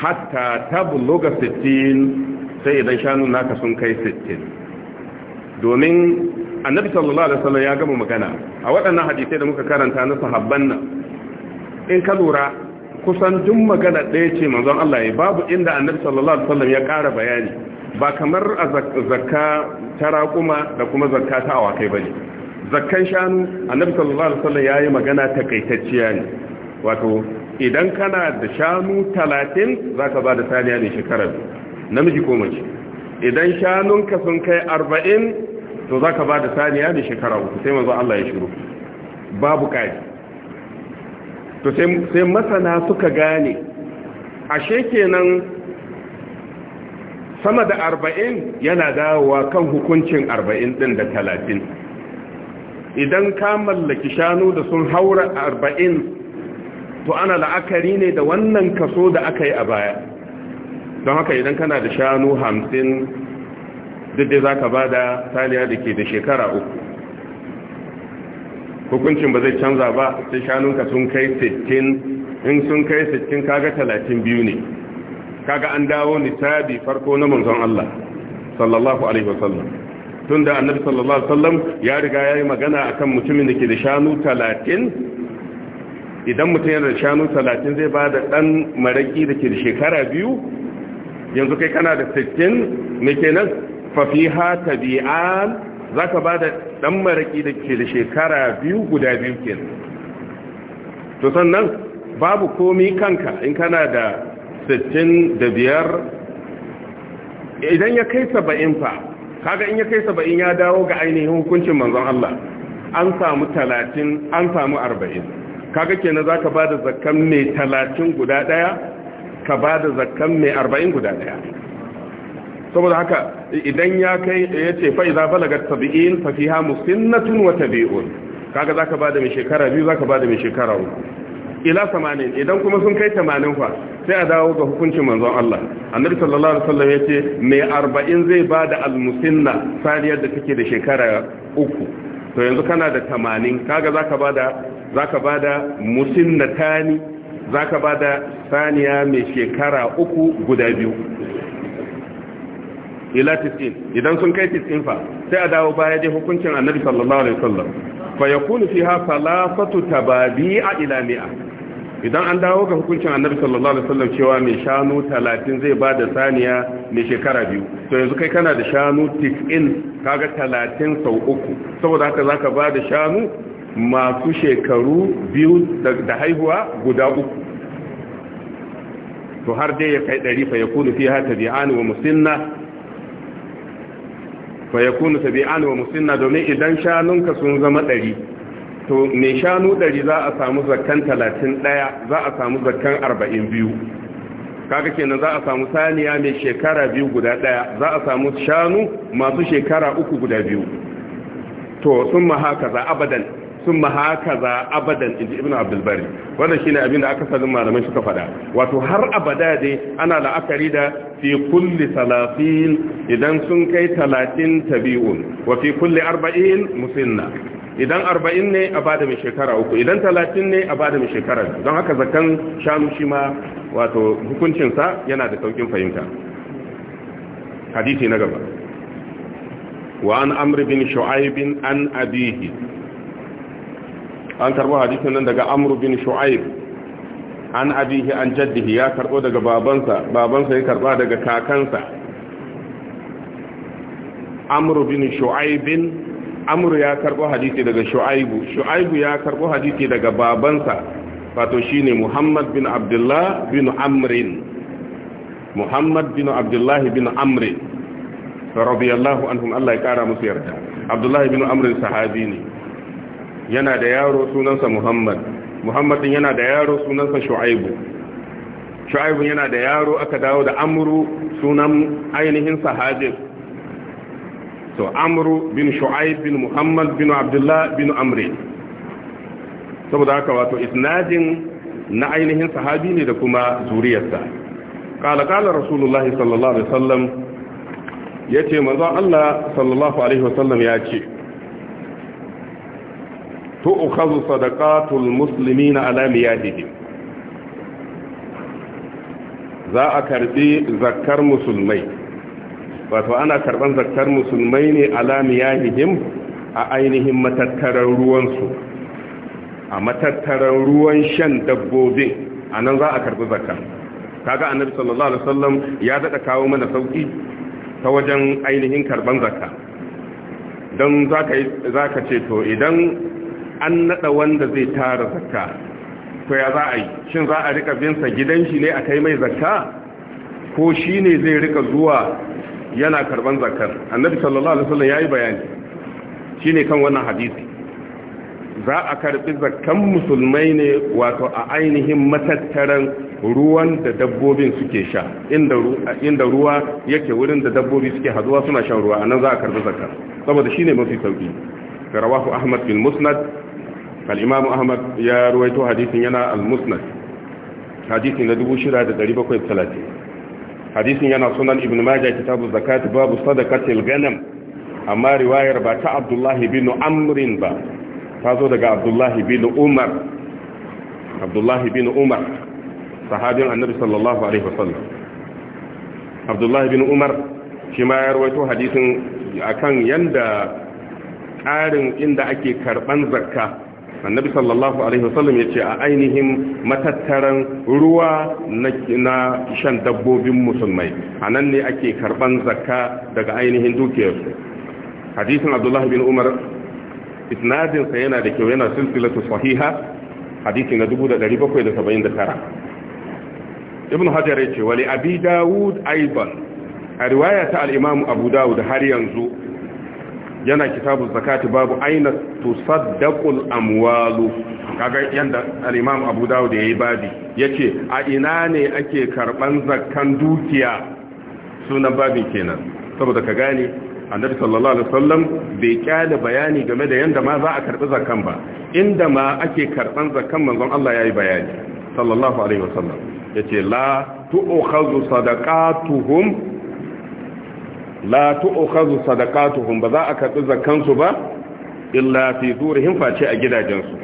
hatta tabluga 60 sai idan shanu naka sun kai 60 domin annabi sallallahu alaihi wasallam ya gama magana a waɗannan hadisai da muka karanta na sahabban nan in ka lura kusan duk magana ɗaya ce manzon Allah ya babu inda annabi sallallahu alaihi wasallam ya ƙara bayani ba kamar a zakka ta raƙuma da kuma zakka ta awakai ne. zakkan shanu a sallallahu alaihi wasallam yayi magana ta kaitacciya ne wato idan kana da shanu 30 zaka ba da saniya ne shekarar namiji ko mace idan shanunka sun kai 40 to zaka ba da saniya ne shekarar, ku sai manzo Allah ya shiru babu kai to sai masana suka gane ashe kenan sama da arba'in yana dawowa kan hukuncin arba'in ɗin da talatin idan ka mallaki shanu da sun haura arba'in to ana la'akari ne da wannan kaso da aka yi a baya don haka idan kana da shanu hamsin duk za ka ba da taliya da ke da shekara uku hukuncin ba zai canza ba sai shanunka sun kai sittin in sun kai sittin kaga talatin biyu ne kaga an dawo nisabi farko na manzon Allah sallallahu alaihi wasallam tunda annabi sallallahu alaihi wasallam ya riga yayi magana akan mutumin da ke da shanu 30 idan mutum yana da shanu 30 zai ba da dan maraki da ke da shekara biyu yanzu kai kana da 60 me kenan fa fiha tabi'an zaka ba da dan maraki da ke da shekara biyu guda biyu kenan to sannan babu komi kanka in kana da sittin da biyar idan ya kai saba'in fa kaga in ya kai saba'in ya dawo ga ainihin hukuncin manzon Allah an samu talatin an samu arba'in kaga kenan za ka ba da zakkan mai talatin guda ɗaya ka ba da zakkan mai arba'in guda ɗaya saboda haka idan ya kai ya ce fa'iza balagar sabi'in fiha musinnatun wata tabi'un kaga za ka ba da mai shekara biyu za ka ba da mai shekara uku ila samanin idan kuma sun kai tamanin fa sai a dawo ga hukuncin manzon Allah annabi sallallahu alaihi wasallam yace mai arba'in zai ba da almusinna saniyar da take da shekara uku to yanzu kana da tamanin kaga zaka bada zaka bada musinna tani zaka bada saniya mai shekara uku guda biyu ila 90 idan sun kai 90 fa sai a dawo baya dai hukuncin annabi sallallahu alaihi wasallam fa yakunu fiha salafatu tababi'a ila mi'a idan an dawo ga hukuncin annabi sallallahu alaihi wasallam cewa mai shanu 30 zai ba da saniya mai shekara biyu to yanzu kai kana da shanu 15 kaga 30 sau uku saboda haka zaka ba da shanu masu shekaru biyu da haihuwa guda uku to har dai ya kai dari fa yakunu fiha bi'an wa musinna fa yakunu tabi'an wa musinna domin idan shanunka sun zama dari to me shanu ɗari za a samu zakkan talatin ɗaya za a samu zakkan arba'in biyu kaga kenan za a samu saniya mai shekara biyu guda ɗaya za a samu shanu masu shekara uku guda biyu to sun mahaka za abadan sun mahaka za abadan inji ibn abdulbari wanda shi ne abin da aka sanin malamai suka fada wato har abada dai ana la'akari da fi kulli salafin idan sun kai talatin tabi'un wa fi kulli arba'in musinna idan arba'in ne a bada mai shekara uku idan talatin ne a bada mai shekara don haka zakan shanu shi ma wato hukuncinsa yana da saukin fahimta hadisi na gaba wa an amri bin shu'aibin an abihi an karbo hadisin nan daga amru bin shu'aib an abihi an jaddihi ya karbo daga babansa babansa ya karba daga kakansa amru bin shu'aibin amru ya karbo hadisi daga shu'aibu shu'aibu ya karbo hadisi daga babansa wato shine muhammad bin abdullah bin amrin muhammad bin abdullah bin amrin radiyallahu anhum Allah ya kara musu yarda abdullah bin amrin sahabi ne yana da yaro sunansa muhammad muhammad din yana da yaro sunansa shu'aibu shu'aibu yana da yaro aka dawo da amru sunan ainihin sahabin to amru bin shu'aib bin muhammad bin abdullah bin amri saboda haka wato isnadin na ainihin sahabi ne da kuma zuriyarsa qala qala rasulullah sallallahu alaihi wasallam yace manzo Allah sallallahu alaihi wasallam yace to ukhadhu sadaqatul muslimina ala miyadihim za a karbi zakkar musulmai wato ana karban zakar musulmai ne lamiyahihim a ainihin matattarar ruwansu a matattarar ruwan shan dabbobi a nan za a karbi zakka kaga annabi sallallahu alaihi wasallam ya dada kawo mana sauki ta wajen ainihin karban zaka don za ka ce to idan an nada wanda zai tara zakka to ya za a yi shin za a rika binsa gidan shi ne a kai mai zakka ko shi ne zai rika zuwa yana karban zakar annabi sallallahu alaihi wasallam yayi bayani shine kan wannan hadisi za a karbi zakkan musulmai ne wato a ainihin matattaran ruwan da dabbobin suke sha inda inda ruwa yake wurin da dabbobi suke hazuwa suna shan ruwa annan za a karbi zakar saboda shine mafi sauki rawahu ahmad bin musnad al-imam ahmad ya ruwaito hadisin yana al-musnad hadisi na 6730 hadisin yana sunan ibn majah kitabu zakat babu sadaqatil ganam amma riwayar ba ta abdullahi bin amrin ba ta zo daga abdullahi bin umar abdullahi bin umar sahabin annabi sallallahu alaihi wasallam abdullahi bin umar shi ma ya rawaito hadisin akan yanda ƙarin inda ake karban zakka annabi sallallahu alaihi wasallam ya ce a ainihin matattaran ruwa na shan dabbobin musulmai a nan ne ake karban zakka daga ainihin dukiyarsu hadisin abdullah bin umar isnadinsa yana da kyau yana silsilatu sahiha hadisi na 1779 ibn hajar ya ce wali abi dawud aiban a riwaya ta al-imam abu dawud har yanzu yana kitabu zakati babu aina tusaddaqul amwalu kaga yanda al-imam Abu Dawud yayi babi yace a ina ne ake karban zakkan dukiya sunan babin kenan saboda ka gane annabi sallallahu alaihi wasallam bai kyale bayani game da yanda ma za a karbi zakkan ba inda ma ake karban zakkan manzon Allah yayi bayani sallallahu alaihi wasallam yace la tu'khadhu sadaqatuhum la tu'khadhu sadaqatuhum ba za a karbi zakansu ba illa fi durihim face a gidajensu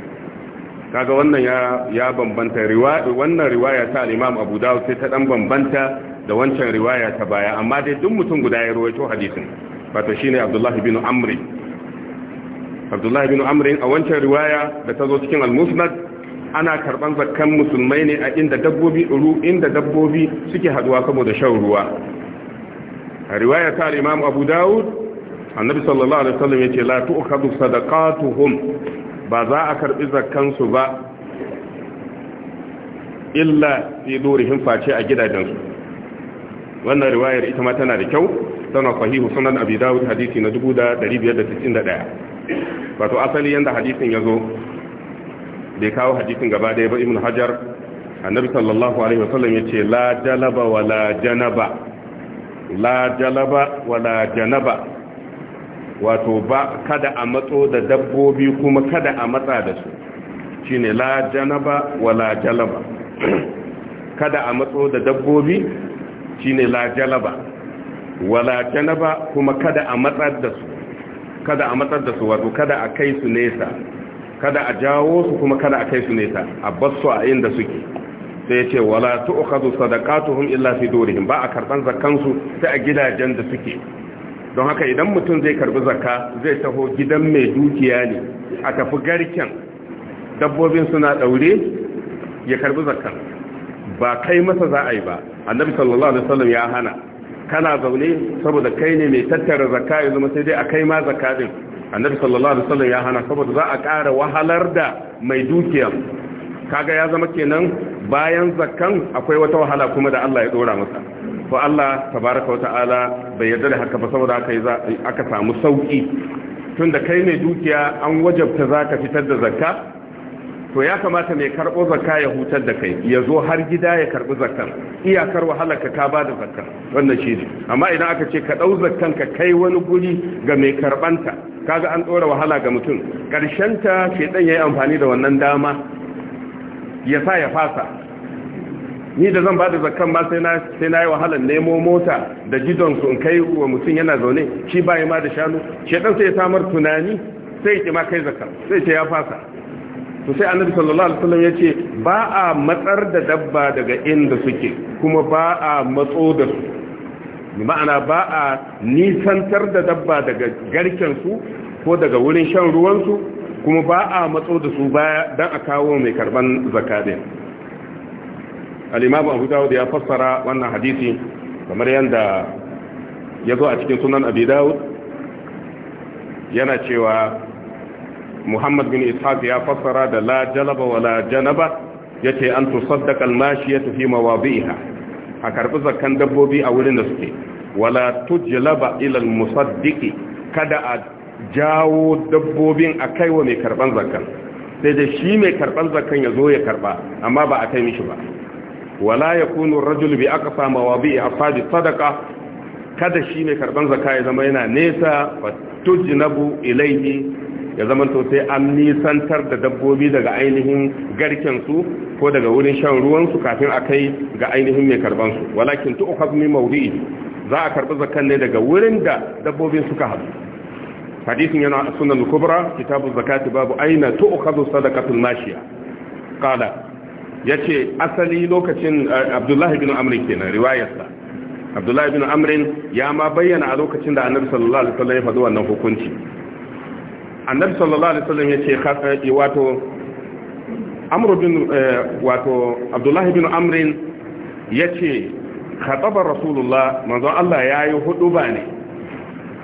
kaga wannan ya ya bambanta riwaya wannan riwaya ta al-Imam Abu Dawud sai ta dan bambanta da wancan riwaya ta baya amma dai duk mutum guda ya rawaito hadisin wato shine Abdullah ibn Amr Abdullah ibn Amr a wancan riwaya da ta zo cikin al-Musnad ana karban zakkan musulmai ne a inda dabbobi inda dabbobi suke haduwa saboda shan ruwa a riwaya ta al-imam abu daud annabi sallallahu alaihi wasallam yace la tu'khadhu sadaqatuhum ba za a karbi zakkan su ba illa fi durihim face a gidajensu wannan riwayar ita ma tana da kyau tana sahihu sunan abi daud hadisi na 2591 wato asali yanda hadisin yazo bai kawo hadisin gaba daya ba ibn hajar annabi sallallahu alaihi wasallam yace la jalaba wala janaba la jalaba wala janaba wato ba kada a matso da dabbobi kuma kada a matsa da su shine la janaba wala jalaba kada a matso da dabbobi shine la jalaba wala janaba kuma kada a matsar da su kada a matsar da su wato kada a kai su nesa kada a jawo su kuma kada a kai su nesa a basu a inda suke sai ya ce wala tu'khadhu sadaqatuhum illa fi durihim ba a karban su sai a gidajen da suke don haka idan mutum zai karbi zakka zai taho gidan mai dukiya ne a tafi garken dabbobin suna daure ya karbi zakkan ba kai masa za a yi ba annabi sallallahu alaihi wasallam ya hana kana zaune saboda kai ne mai tattara zakka yanzu ma sai dai a kai ma zakka din annabi sallallahu alaihi wasallam ya hana saboda za a kara wahalar da mai dukiya kaga ya zama kenan bayan zakkan akwai wata wahala kuma da Allah ya dora masa to Allah tabaraka wa ta'ala bai yarda da haka ba saboda aka aka samu sauki tunda kai mai dukiya an wajabta zaka fitar da zakka to ya kamata mai karbo zakka ya hutar da kai ya zo har gida ya karbi zakkan iyakar wahala ka ka bada zakkan wannan shine amma idan aka ce ka dau zakkan ka kai wani guri ga mai karbanta kaga an dora wahala ga mutum karshen ta shedan yayi amfani da wannan dama ya sa ya fasa ni da zan ba da zakan ma sai na sai na yi wahalar nemo mota da gidansu in kai wa mutum yana zaune shi ba ma da shanu shedan sai ya samar tunani sai ki ma kai zakar sai ce ya fasa to sai annabi sallallahu alaihi wasallam yace ba a matsar da dabba daga inda suke kuma ba a matso da su ma'ana ba a nisantar da dabba daga garken su ko daga wurin shan ruwan su kuma ba a matso da su baya don a kawo mai karban zakka din al-imam abu dawud ya fassara wannan hadisi kamar yadda ya zo a cikin sunan abi dawud yana cewa muhammad bin ishaq ya fassara da la jalaba wala janaba yace an tusaddaqa al ya fi mawadi'iha a karbi zakkan dabbobi a wurin da suke wala tujlaba ila al kada a jawo dabbobin a kaiwa mai karban zakan sai da shi mai karban zakan ya zo ya karba amma ba a kai mishi ba wala ya kuno rajul bi bi a fadi sadaka kada shi mai karban zaka ya zama yana nesa bu ilaihi ya zama sosai sai an nisantar da dabbobi daga ainihin garken su ko daga wurin shan ruwansu kafin a kai ga ainihin mai karban su walakin tu'khadhu min mawdi'i za a karɓi zakan ne daga wurin da dabbobin suka hadu hadisin yana sunan kubra kitabu zakati babu aina tu'khadhu sadaqatul mashiya qala yace asali lokacin eh, abdullahi bin amr kenan riwayarsa abdullahi bin amr ya ma bayyana a lokacin da annabi sallallahu alaihi wasallam ya faɗi wannan hukunci annabi sallallahu alaihi wasallam yace eh, wato amr bin eh, abdullahi bin amr yace khataba rasulullah manzo Allah yayi hudu ba ne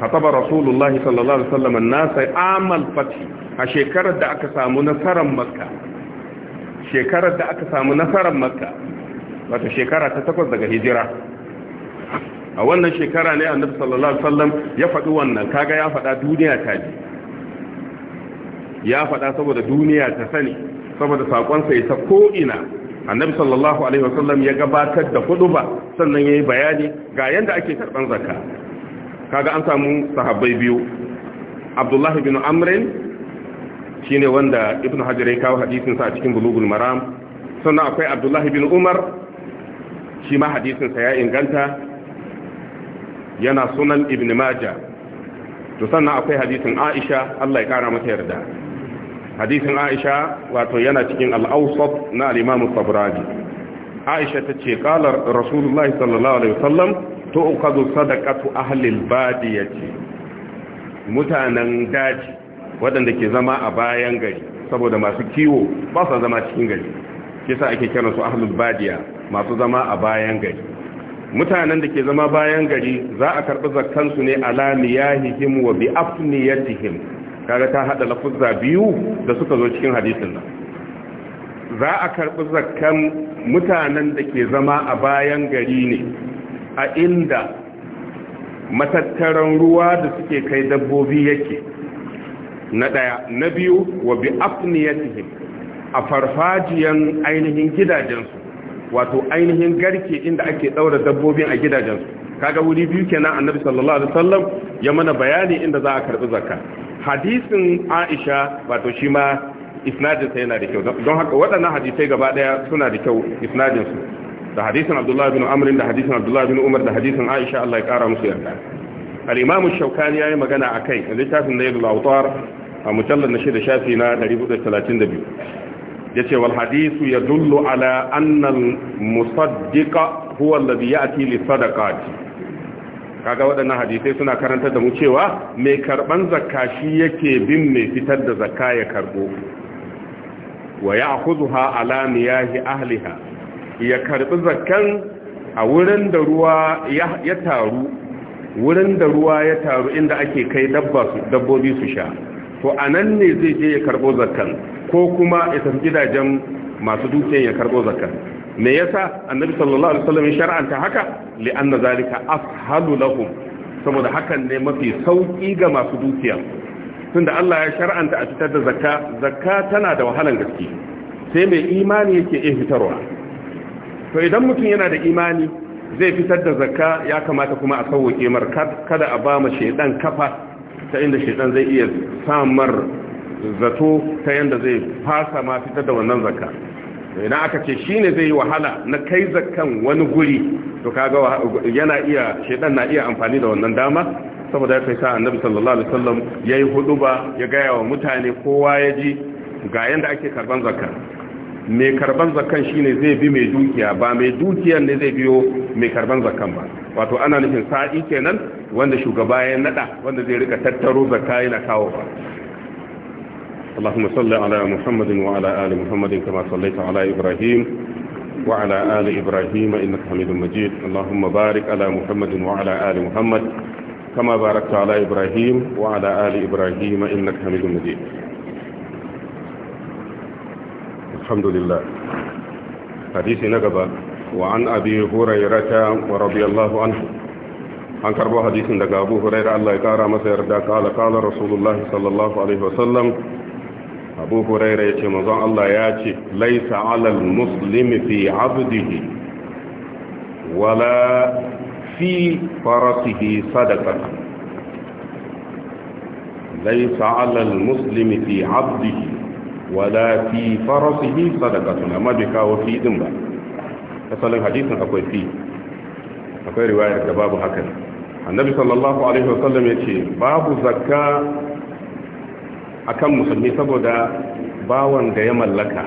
hataba rasulullahi sallallahu alaihi wasallam an-nasa amal fati a shekarar da aka samu nasarar makka shekarar da aka samu nasarar makka wata shekara ta takwas daga hijira a wannan shekara ne annabi sallallahu alaihi wasallam ya faɗi wannan kaga ya faɗa duniya ta ji ya faɗa saboda duniya ta sani saboda sakonsa ya ta ko ina annabi sallallahu alaihi wasallam ya gabatar da huduba sannan yayi bayani ga yanda ake karban zakka kaga an samu sahabbai biyu Abdullahi bin ibn shi ne wanda ibn hajar ya kawo hadisinsa a cikin bulugul maram sannan akwai Abdullahi bin umar shi ma hadisinsa ya inganta yana sunan ibn Maja to sannan akwai hadisin aisha Allah ya kara mata yarda hadisin aisha wato yana cikin al na al-imam tabrani aisha tace qala rasulullahi sallallahu alaihi wasallam zo sadaqatu ahli al-badiyati mutanen daji waɗanda ke zama a bayan gari saboda masu kiwo ba su zama cikin gari kisa ake kiran su ahlul badiya masu zama a bayan gari mutanen da ke zama bayan gari za a karɓi zakkansu ne ala miyahihim wa bi afniyatihim kaga ta hada lafuzza biyu da suka zo cikin hadisin nan za a karɓi zakkan mutanen da ke zama a bayan gari ne a inda matattaran ruwa da suke kai dabbobi yake na daya na biyu wa bi afniyatihim a farfajiyan ainihin gidajensu wato ainihin garke inda ake daura dabbobin a gidajensu kaga wuri biyu kenan annabi sallallahu alaihi wasallam ya mana bayani inda za a karbi zakka hadisin Aisha wato shi ma yana da kyau don haka waɗannan hadisai gaba ɗaya suna da kyau su da hadisin abdullahi bin amrin da hadisin abdullahi bin umar da hadisin aisha Allah ya ƙara musu yarda al-imamu shaukani yayi magana akai a littafin nailul awtar a mujallar na shida shafi na 432 yace wal hadisu yadullu ala anna al-musaddiqa huwa alladhi ya'ti li sadaqati kaga waɗannan hadisai suna karantar da mu cewa mai karban zakka shi yake bin mai fitar da zakka ya karbo wa ya'khudha ala miyahi ahliha ya karbi zakkan a wurin da ruwa ya taru wurin da ruwa ya taru inda ake kai dabbobi su sha to a nan ne zai je ya karbo zakkan ko kuma ya tafi gidajen masu dukiyan ya karbo zakkan me yasa annabi sallallahu alaihi wasallam shar'anta haka li'anna zalika afhalu lahum saboda hakan ne mafi sauki ga masu dukiya tunda Allah ya shar'anta a fitar da zakka zakka tana da wahalan gaske sai mai imani yake iya fitarwa to idan mutum yana da imani zai fitar da zakka ya kamata kuma a sauwake mar kada a ba ma shaidan kafa ta inda shaidan zai iya samar zato ta yanda zai fasa ma fitar da wannan zakka idan aka ce shine zai yi wahala na kai zakkan wani guri to kaga yana iya shaidan na iya amfani da wannan dama saboda ya kai sa annabi sallallahu alaihi wasallam yayi huduba ya gaya wa mutane kowa ya ji ga yanda ake karban zakka mai karban zakan shine zai bi mai dukiya ba mai dukiyar ne zai biyo mai karban zakan ba wato ana nufin sa'i kenan wanda shugaba ya nada wanda zai rika tattaro zakka yana kawo ba اللهم صل على محمد وعلى آل محمد كما صليت على إبراهيم وعلى آل إبراهيم إنك حميد مجيد اللهم بارك على محمد وعلى آل محمد كما باركت على إبراهيم وعلى آل إبراهيم إنك حميد مجيد alhamdulillah hadisi na gaba wa an abi hurairata wa radiyallahu anhu an karbo hadisin daga abu huraira Allah ya kara masa yarda kala kala rasulullah sallallahu alaihi wasallam abu huraira yace manzon Allah ya ce laisa alal muslimi fi abdihi wala fi farasihi sadaqatan laisa alal muslimi fi abdihi wala fi farasihi sadaqatun amma bai kawo fi din ba asalin hadisin akwai fi akwai riwaya da babu hakan annabi sallallahu alaihi wasallam ya ce babu zakka akan musulmi saboda bawan da ya mallaka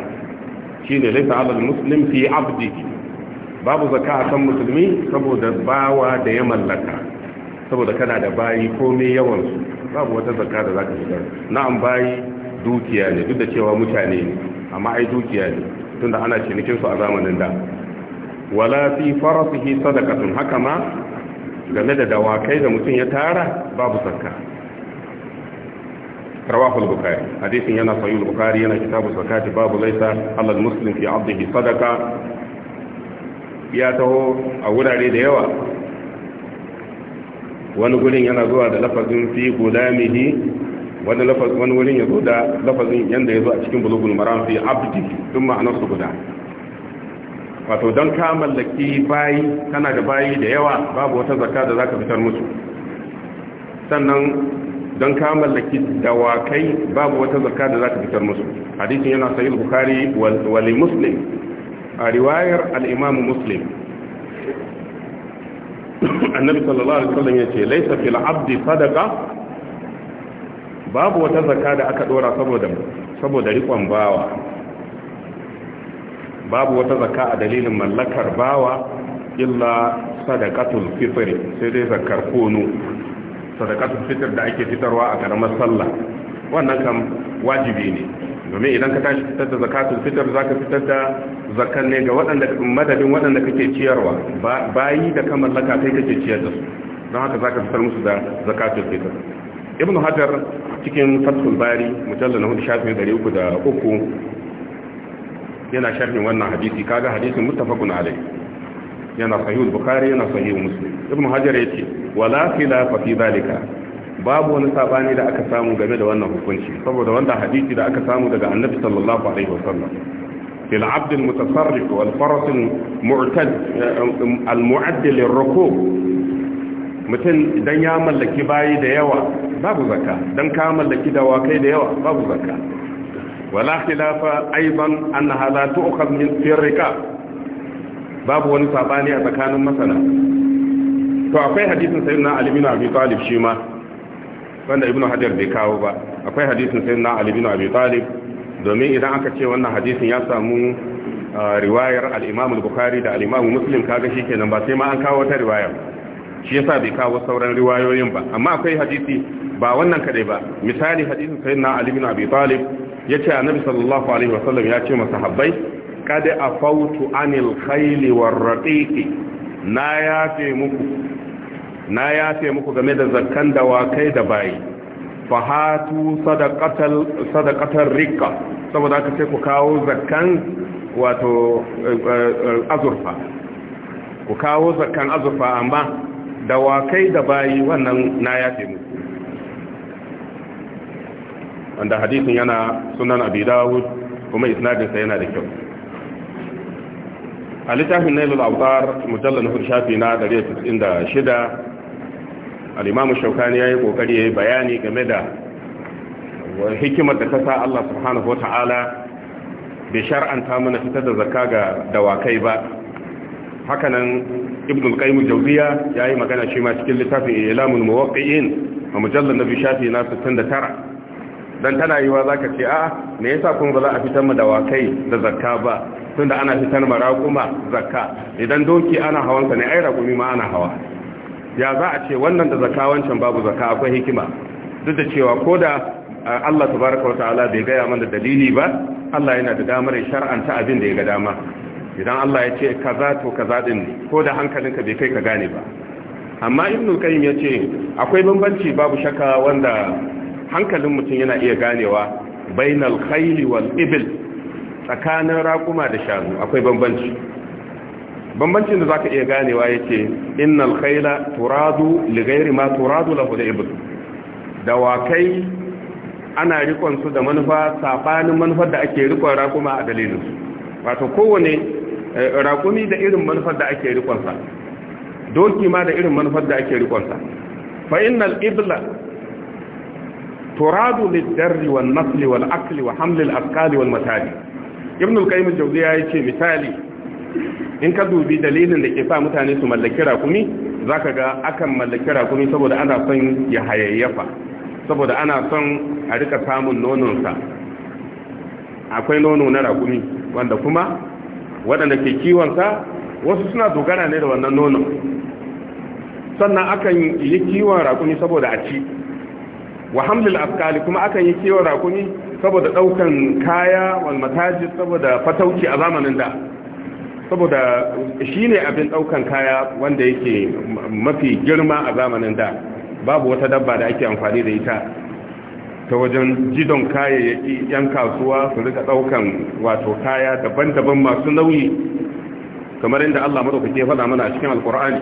shine laysa ala muslim fi abdihi babu zakka akan musulmi saboda bawa da ya mallaka saboda kana da bayi komai yawan su babu wata zakka da zaka shigar na'am bayi dukiya ne duk da cewa mutane ne amma ai dukiya ne tunda ana cinikin su a zamanin da wala fi farasihi sadaqatun haka ma game da dawakai da mutum ya tara babu zakka rawahu al-bukhari yana sahih al-bukhari yana kitabu zakati babu laysa alal muslim fi 'abdihi sadaqa ya taho a wurare da yawa wani gurin yana zuwa da lafazin fi gulamihi wani lafaz wani wurin zo da lafazin ya zo a cikin bulugul maram fi abdi tun ma'anar su guda wato don ka mallaki bayi tana da bayi da yawa babu wata zakka da zaka fitar musu sannan don ka mallaki dawakai babu wata zakka da zaka fitar musu hadisin yana sahih bukhari wal muslim a riwayar al-imam muslim annabi sallallahu alaihi wasallam yace laysa fil abdi sadaqa babu wata zaka da aka dora saboda saboda rikon bawa babu wata zaka a dalilin mallakar bawa illa sadaqatul fitr sai dai zakar kono sadaqatul fitr da ake fitarwa a karamar sallah wannan kam wajibi ne domin idan ka tashi fitar da zakatul fitr zaka fitar da zakan ne ga waɗanda madadin waɗanda kake ciyarwa bayi da ka mallaka kai kake ciyar da su don haka zaka fitar musu da zakatul fitr ibn hajar cikin fathul bari mujalla na hudu shafin uku da uku yana sharhin wannan hadisi kaga hadisin muttafaqun alai yana sahihul bukhari yana sahihul muslim ibn hajar yace wala khilafa fi zalika babu wani sabani da aka samu game da wannan hukunci saboda wanda hadisi da aka samu daga annabi sallallahu alaihi wasallam fil abd al mutasarrif wal faras al mu'tad al mu'addil al mutum idan ya mallaki bayi da yawa babu zakka dan ka mallaki dawakai da yawa babu zakka wala khilafa aiban annaha la tu'khadh min firqa babu wani sabani a tsakanin masana to akwai hadisin sayyidina ali bin abi talib shi ma wanda ibnu hajar bai kawo ba akwai hadisin sayyidina ali bin abi talib domin idan aka ce wannan hadisin ya samu ah, riwayar al-imam al-bukhari da al-imam muslim kaga shikenan ba sai ma an kawo ta riwayar shi yasa bai kawo sauran riwayoyin ba amma akwai hadisi ba wannan kadai ba misali hadisin sayyidina ali bin abi talib yace annabi sallallahu alaihi wasallam ya ce masahabbai kad afautu anil khayli war raqiqi na yafe muku na yafe muku game da zakkan dawakai da bayi fahatu sadaqatal sadaqatar riqa saboda aka ce ku kawo zakkan wato eh, eh, eh, azurfa ku kawo zakkan azurfa amma dawakai da bayi wannan na yafe muku wanda hadisin yana sunan abi dawud kuma isnadinsa yana da kyau a littafin nailul autar mujallar hudu shafi na 196 al'imamu shaukani ya yi kokari ya yi bayani game da hikimar da ta sa Allah subhanahu wa ta'ala bai shar'anta mana fitar da zakka ga dawakai ba hakanan ibn al-qayyim jawziya yayi magana shi ma cikin littafin ilamul muwaqqi'in a mujallal nabi shafi na 69 dan tana yiwa zaka ce a me yasa kun ba za a fitar mu da wakai da zakka ba tunda ana fitar ma raƙuma zakka idan doki ana hawan sa ne ai raƙumi ma ana hawa ya za a ce wannan da zakka wancan babu zakka akwai hikima duk da cewa koda Allah baraka wa ta'ala bai gaya mana dalili ba Allah yana da damar shar'anta abin da ya ga dama idan Allah ya ce kaza to kaza din ko da hankalinka bai kai ka gane ba amma ibnu qayyim ya ce akwai bambanci babu shakka wanda hankalin mutum yana iya ganewa bainal khayli wal ibil tsakanin raƙuma da shanu akwai bambanci bambancin da zaka iya ganewa yake innal khayla turadu ligairi ma turadu lahu da ibil dawakai ana rikon su da manufa safanin manufar da ake rikon raƙuma a dalilin wato kowane raƙumi da irin manufar da ake rikonsa doki ma da irin manufar da ake rikonsa fa innal ibla turadu lidarri wal nasli wal akli wa hamlil askali wal matali ibn al-qayyim al-jawziya yace misali in ka dubi dalilin da ke sa mutane su mallaki rakumi zaka ga akan mallaki rakumi saboda ana son ya hayayyafa saboda ana son a rika samun nononsa akwai nono na rakumi wanda kuma waɗanda ke kiwonsa wasu suna dogara ne da wannan nono sannan akan yi kiwon rakumi saboda a ci wa hamlil afkali kuma akan yi kiwon rakumi saboda ɗaukan kaya wal saboda fatauci a zamanin da saboda shi ne abin ɗaukan kaya wanda yake mafi girma a zamanin da babu wata dabba da ake amfani da ita ta wajen jidon kayayyaki yan kasuwa su rika daukan wato kaya daban-daban masu nauyi kamar inda Allah madaukake ya faɗa mana a cikin alkur'ani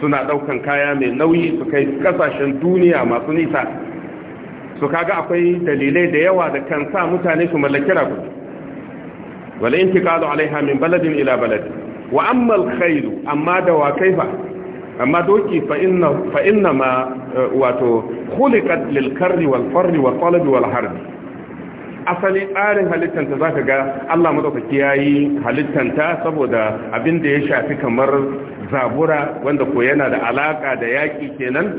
suna daukan kaya mai nauyi su kai kasashen duniya masu nisa su kaga akwai dalilai da yawa da kan sa mutane su mallaki rakumi wala intiqalu alaiha min baladin ila balad wa amma al amma da wa kaifa amma doki fa inna ma eh, wato khuliqat lil karri wal farri wa talabi wal harbi asali tsarin halittanta zaka ga Allah madaukaki yayi ta saboda abin da ya shafi kamar zabura wanda ko yana da alaka da yaki kenan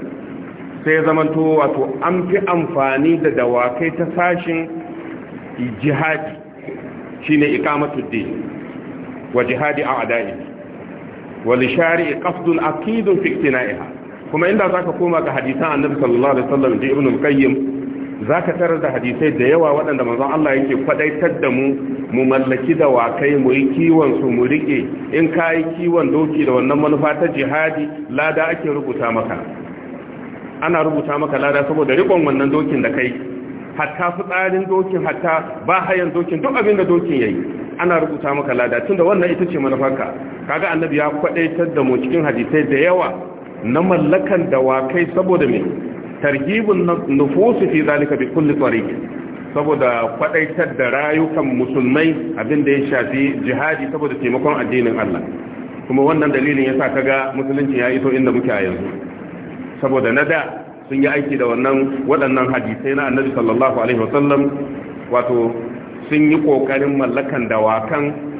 sai zamanto wato an fi amfani da dawakai ta sashin jihadi shine iqamatud din wa jihadi a'da'i wal shari'i qasdun aqidun fi iktina'iha kuma inda zaka koma ga hadisan annabi sallallahu alaihi wasallam da ibnu al-qayyim zaka tarar da hadisai da yawa waɗanda manzon Allah yake kwadaitar da mu mu mallaki dawakai mu yi kiwon mu rike in kai kiwon doki da wannan manufa ta jihadi lada ake rubuta maka ana rubuta maka lada saboda rikon wannan dokin da kai hatta fitsarin dokin hatta ba hayan dokin duk abinda da dokin yayi ana rubuta maka lada tunda wannan ita ce manufarka kaga annabi ya kwadaitar da mu cikin hadisai da yawa na mallakan dawakai saboda me tarhibun nufusu fi zalika bi kulli tariq saboda kwadaitar da rayukan musulmai abinda ya shafi jihadi saboda taimakon addinin Allah kuma wannan dalilin yasa kaga musulunci ya iso inda muke a yanzu saboda nada sun yi aiki da wannan waɗannan hadisai na annabi sallallahu alaihi wasallam wato sun yi kokarin mallakan dawakan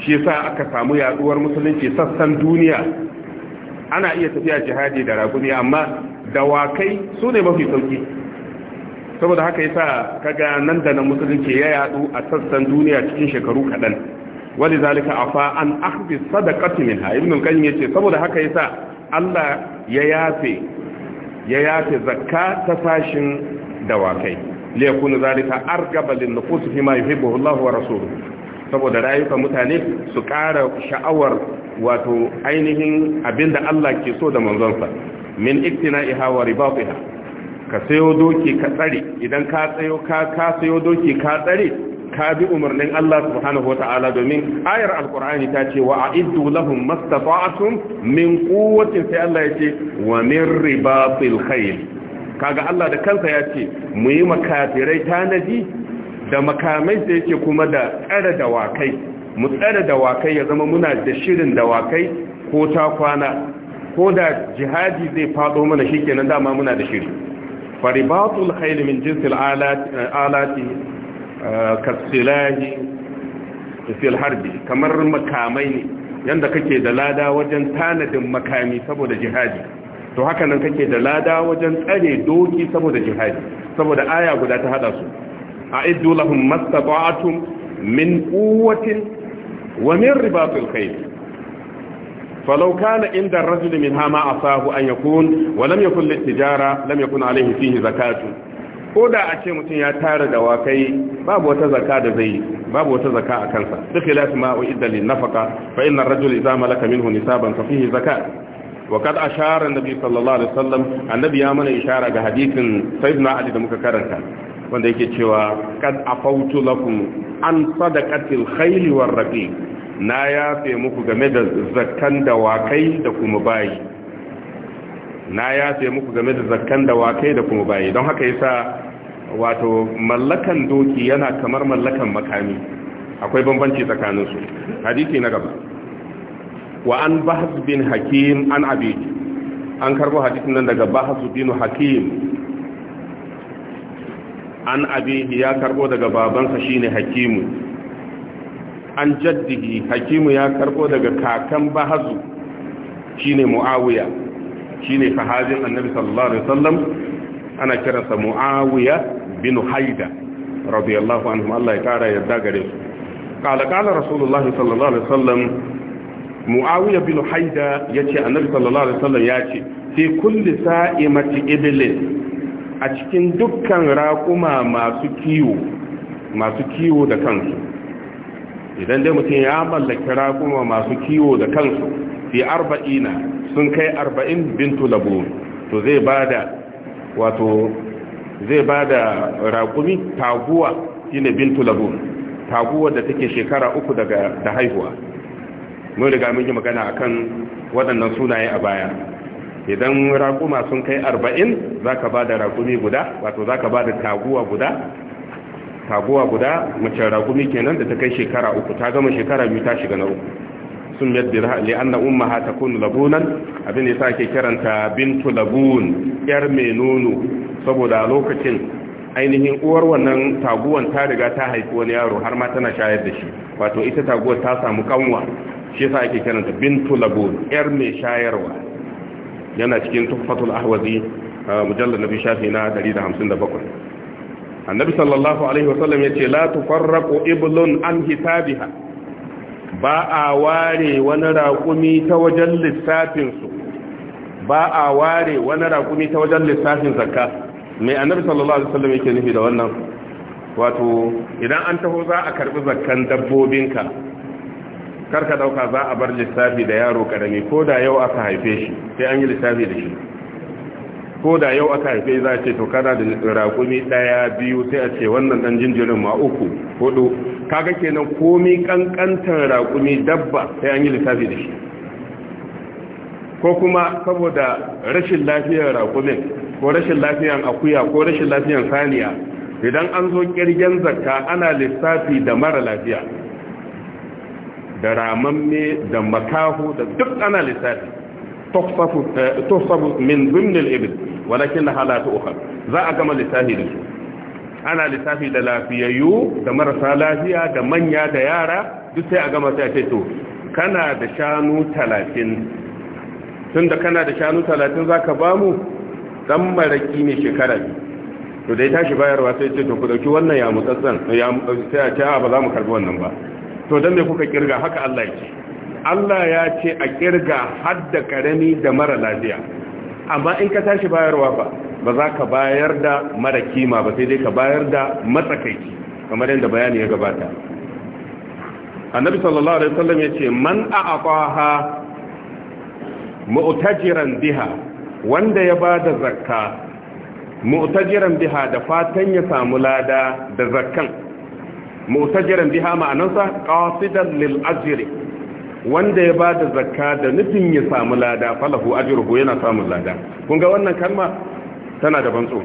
shi yasa aka samu yaduwar musulunci sassan duniya ana iya tafiya jihadi da raguni amma dawakai su ne mafi sauki saboda haka yasa kaga nan da nan musulunci ya yadu a sassan duniya cikin shekaru kaɗan wani zalika afa an akhbi sadaqati minha ibn al-qayyim yace saboda haka yasa Allah ya yafe ya yafe zakka ta sashin dawakai li yakuna zalika arqaba lin nufus bima yuhibbu Allah wa rasuluhu saboda rayuka mutane su ƙara sha'awar wato ainihin abinda Allah ke so da manzonsa min iktina'iha wa ribatiha ka sayo doki ka tsare idan ka tsayo ka ka sayo doki ka tsare ka bi umarnin Allah subhanahu wata'ala domin ayar alqur'ani ta ce wa a'iddu lahum mastata'tum min quwwatin sai Allah ya ce wa min ribatil khayl kaga Allah da kansa ya ce mu yi makafirai tanadi da makamai da yake kuma da tsara dawakai mu tsara dawakai ya zama muna da shirin dawakai ko ta kwana ko da jihadi zai fado mana shikenan dama muna da shiri faribatul khayl min jinsil alati eh, kasilahi fil harbi kamar makamai ne yanda kake da lada wajen tanadin makami saboda jihadi to haka nan kake da lada wajen tsare doki saboda jihadi saboda aya guda ta hada su a'iddu lahum mastata'tum min quwwatin wa min ribatil khayl فلو كان عند الرجل منها ما أصاه أن يكون ولم يكن للتجارة لم يكن عليه فيه زكاة koda a ce mutum ya tara da dawakai babu wata zaka da zai babu wata zaka a kansa duk ilafi ma uidda lin nafaqa fa inna ar-rajul idza malaka minhu nisaban fa fihi zakat wa qad ashara an-nabi sallallahu alaihi wasallam annabi ya mana ishara ga hadisin sayyidina ali da muka karanta wanda yake cewa kad afautu lakum an sadaqatil khayl war rabi. na yafe muku game da zakkan dawakai da kuma bayi na yafe muku game da zakkan dawakai da kuma bayi don haka yasa wato mallakan doki yana kamar mallakan makami akwai bambanci tsakanin su hadisi na gaba wa an bahz bin hakim an abi an karbo hadisin nan daga bahz bin hakim an abihi ya karbo daga babansa shine hakimu an jaddihi hakimu ya karbo daga kakan bahazu shine muawiya shine sahabin annabi sallallahu alaihi wasallam ana kiransa muawiya bin haida radiyallahu anhu Allah ya kara yarda gare su qala qala rasulullahi sallallahu alaihi wasallam muawiya bin haida yace annabi sallallahu alaihi wasallam yace fi kulli sa'imati iblis a cikin dukkan raƙuma masu kiwo masu kiwo da kansu idan dai mutum ya mallaki raƙuma masu kiwo da kansu fi arba'ina sun kai arba'in bintu labun to zai bada wato zai bada raƙumi taguwa shine bintu labun taguwa da take shekara uku daga da haihuwa mun riga mun yi magana akan waɗannan sunaye a baya idan rakuma sun kai arba'in za ka ba da rakumi guda wato za ka ba da taguwa guda taguwa guda macen ragumi kenan da ta kai shekara uku ta gama shekara biyu ta shiga na uku sun yadda li'anna umma ha takun labunan abin da ke kiranta bintu labun yar mai nono saboda lokacin ainihin uwar wannan taguwan ta riga ta haifi wani yaro har ma tana shayar da shi wato ita taguwar ta samu kanwa shi yasa ake kiranta bintu labun yar mai shayarwa yana cikin tuhfatul ahwazi mujallal nabi shafi na 157 annabi sallallahu alaihi wasallam ce, la tufarraqu iblun an hisabiha ba a ware wani raƙumi ta wajen lissafinsu ba a ware wani raƙumi ta wajen lissafin zakka mai annabi sallallahu alaihi wasallam yake nufi da wannan wato idan an taho za a karbi zakkan dabbobinka karka dauka za a bar lissafi da yaro karami ko da yau aka haife shi sai an yi lissafi da shi ko da yau aka haife za a ce to kana da raƙumi ɗaya biyu sai a ce wannan ɗan jinjirin ma uku hudu kaga kenan komi ƙanƙantar raƙumi dabba sai an yi lissafi da shi ko kuma saboda rashin lafiyar raƙumin ko rashin lafiyar akuya ko rashin lafiyar saniya idan an zo ƙirgen zakka ana lissafi da mara lafiya da ramamme da makahu da duk ana lissafi tufsafu eh, min zimnil Ibn, walakin na halatu ukhar za a gama lissafi da su ana lissafi da lafiyayyu da marasa lafiya da manya da yara duk sai a gama sai a ce to kana da shanu talatin tun da kana da shanu talatin za ka ba mu dan maraki ne shekara to da ya tashi bayarwa sai ce to ku dauki wannan ya mutsatsan ya sai a ce a ba za mu karbi wannan ba to dan me kuka kirga haka Allah yake Allah ya ce a kirga hadda karami da mara lafiya amma in ka tashi bayarwa ba ba za ka bayar da mara kima ba sai dai ka bayar da matsakaici kamar yadda bayani ya gabata annabi sallallahu alaihi wasallam ya ce man a'aqaha mu'tajiran biha wanda ya bada zakka mu'tajiran biha da fatan ya samu lada da zakkan mutajiran biha ma'anansa qasidan lil ajri wanda ya ba da zakka da nufin ya samu lada falahu ajruhu yana samun lada kun ga wannan kalma tana da ban tsoro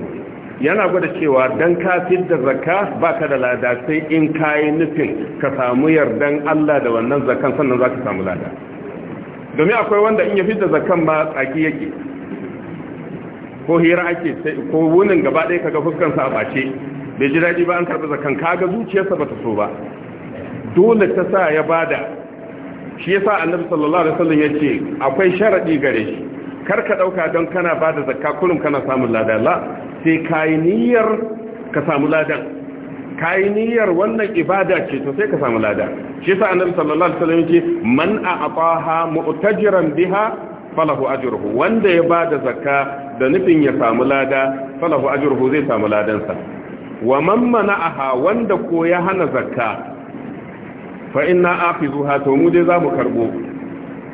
yana gwada cewa dan ka da zakka baka da lada sai in kai nufin ka samu yardan Allah da wannan zakkan sannan zaka samu lada domin akwai wanda in ya fidda zakkan ma tsaki yake ko hira ake ko wunin gaba ɗaya kaga sa a bace bai ji daɗi ba an karɓi zakan kaga zuciyarsa ba ta so ba dole ta sa ya bada shi yasa annabi sallallahu alaihi wasallam yace akwai sharadi gare shi kar ka dauka don kana bada zakka kullum kana samu lada la sai kai niyyar ka samu ladan kai niyyar wannan ibada ce to sai ka samu lada shi yasa annabi sallallahu alaihi wasallam yace man a'taha mu'tajiran biha falahu ajruhu wanda ya bada zakka da nufin ya samu lada falahu ajruhu zai samu sa. wa man mana'aha wanda ko ya hana zakka fa inna afizuha to mu dai zamu karbo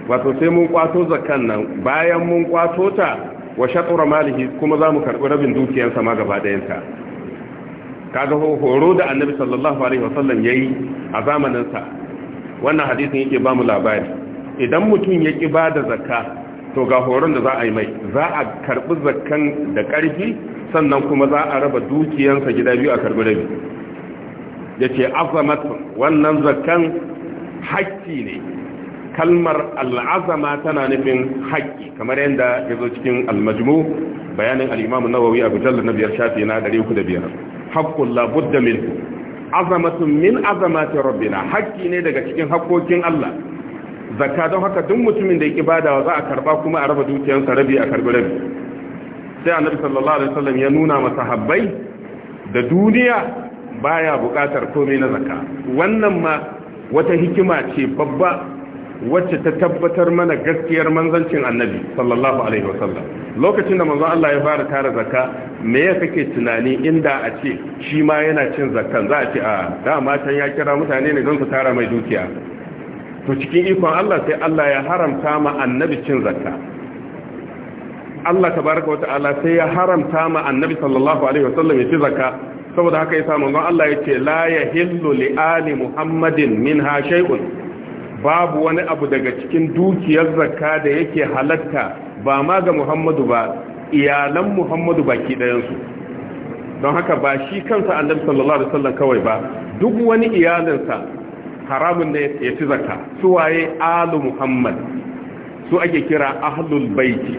wato sai mun kwato zakkan nan bayan mun kwato ta wa shatura malihi kuma zamu karbi rabin dukiyarsa ma gaba dayanta. kaga horo da annabi sallallahu alaihi wasallam yayi a zamanin sa wannan hadisin yake ba mu labari idan mutum ya ki bada zakka to ga horon da za a yi mai za a karbi zakkan da karfi sannan kuma za a raba dukiyansa gida biyu a karbi rabi ya ce wannan zakan haƙƙi ne kalmar al'azama tana nufin haƙƙi kamar yadda ya zo cikin almajmu bayanin al'imamu nawawi a bujallar na biyar shafi na ɗari uku da biyar haƙƙun labudda min azamatun min azamatin rabbina haƙƙi ne daga cikin haƙƙokin allah zakka don haka duk mutumin da ya ƙi badawa za a karba kuma a raba dukiyansa rabi a karbi rabi sai annabi sallallahu alaihi wasallam ya nuna masa habbai da duniya baya buƙatar komai na zakka wannan ma wata hikima ce babba wacce ta tabbatar mana gaskiyar manzancin annabi sallallahu alaihi wasallam lokacin da manzon Allah ya fara tara zakka me ya kake tunani inda a ce shi ma yana cin zakkan za a ce a ah, dama can ya kira mutane ne don su tara mai dukiya to cikin ikon Allah sai Allah ya haramta ma annabi cin zakka Allah tabaraka wa ta'ala sai ya haramta ma annabi sallallahu alaihi wasallam ya ci zakka saboda haka yasa manzon Allah yace la yahillu li ali muhammadin minha shay'un babu wani abu daga cikin dukiyar zakka da yake halatta ba ma ga muhammadu ba iyalan muhammadu baki dayan su don haka ba shi kansa annabi sallallahu alaihi wasallam kawai ba duk wani iyalinsa haramun ne ya ci zakka waye Ali muhammad su ake kira ahlul baiti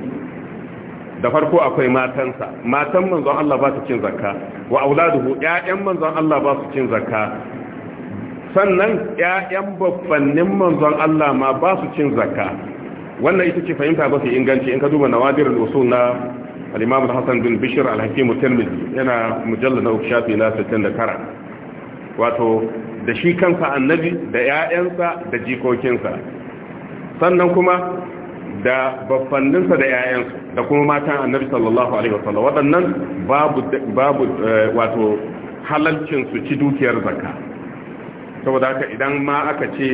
da farko akwai matansa matan manzon Allah ba su cin zakka wa auladuhu ƴaƴan manzon Allah ba su cin zakka sannan ƴaƴan babbannin manzon Allah ma ba su cin zakka wannan ita ce fahimta ba su inganci in ka duba nawadirul usul na al-Imam al-Hasan bin Bishr al-Hakim al tirmidhi yana mujallad na shafi na 69 wato da shi kansa annabi da 'ya'yansa, da jikokinsa sannan kuma da babbaninsa da 'ya'yansu da kuma matan annabi sallallahu alaihi wasallam waɗannan babu babu eh, wato halalcin su ci dukiyar zakka saboda haka idan ma aka ce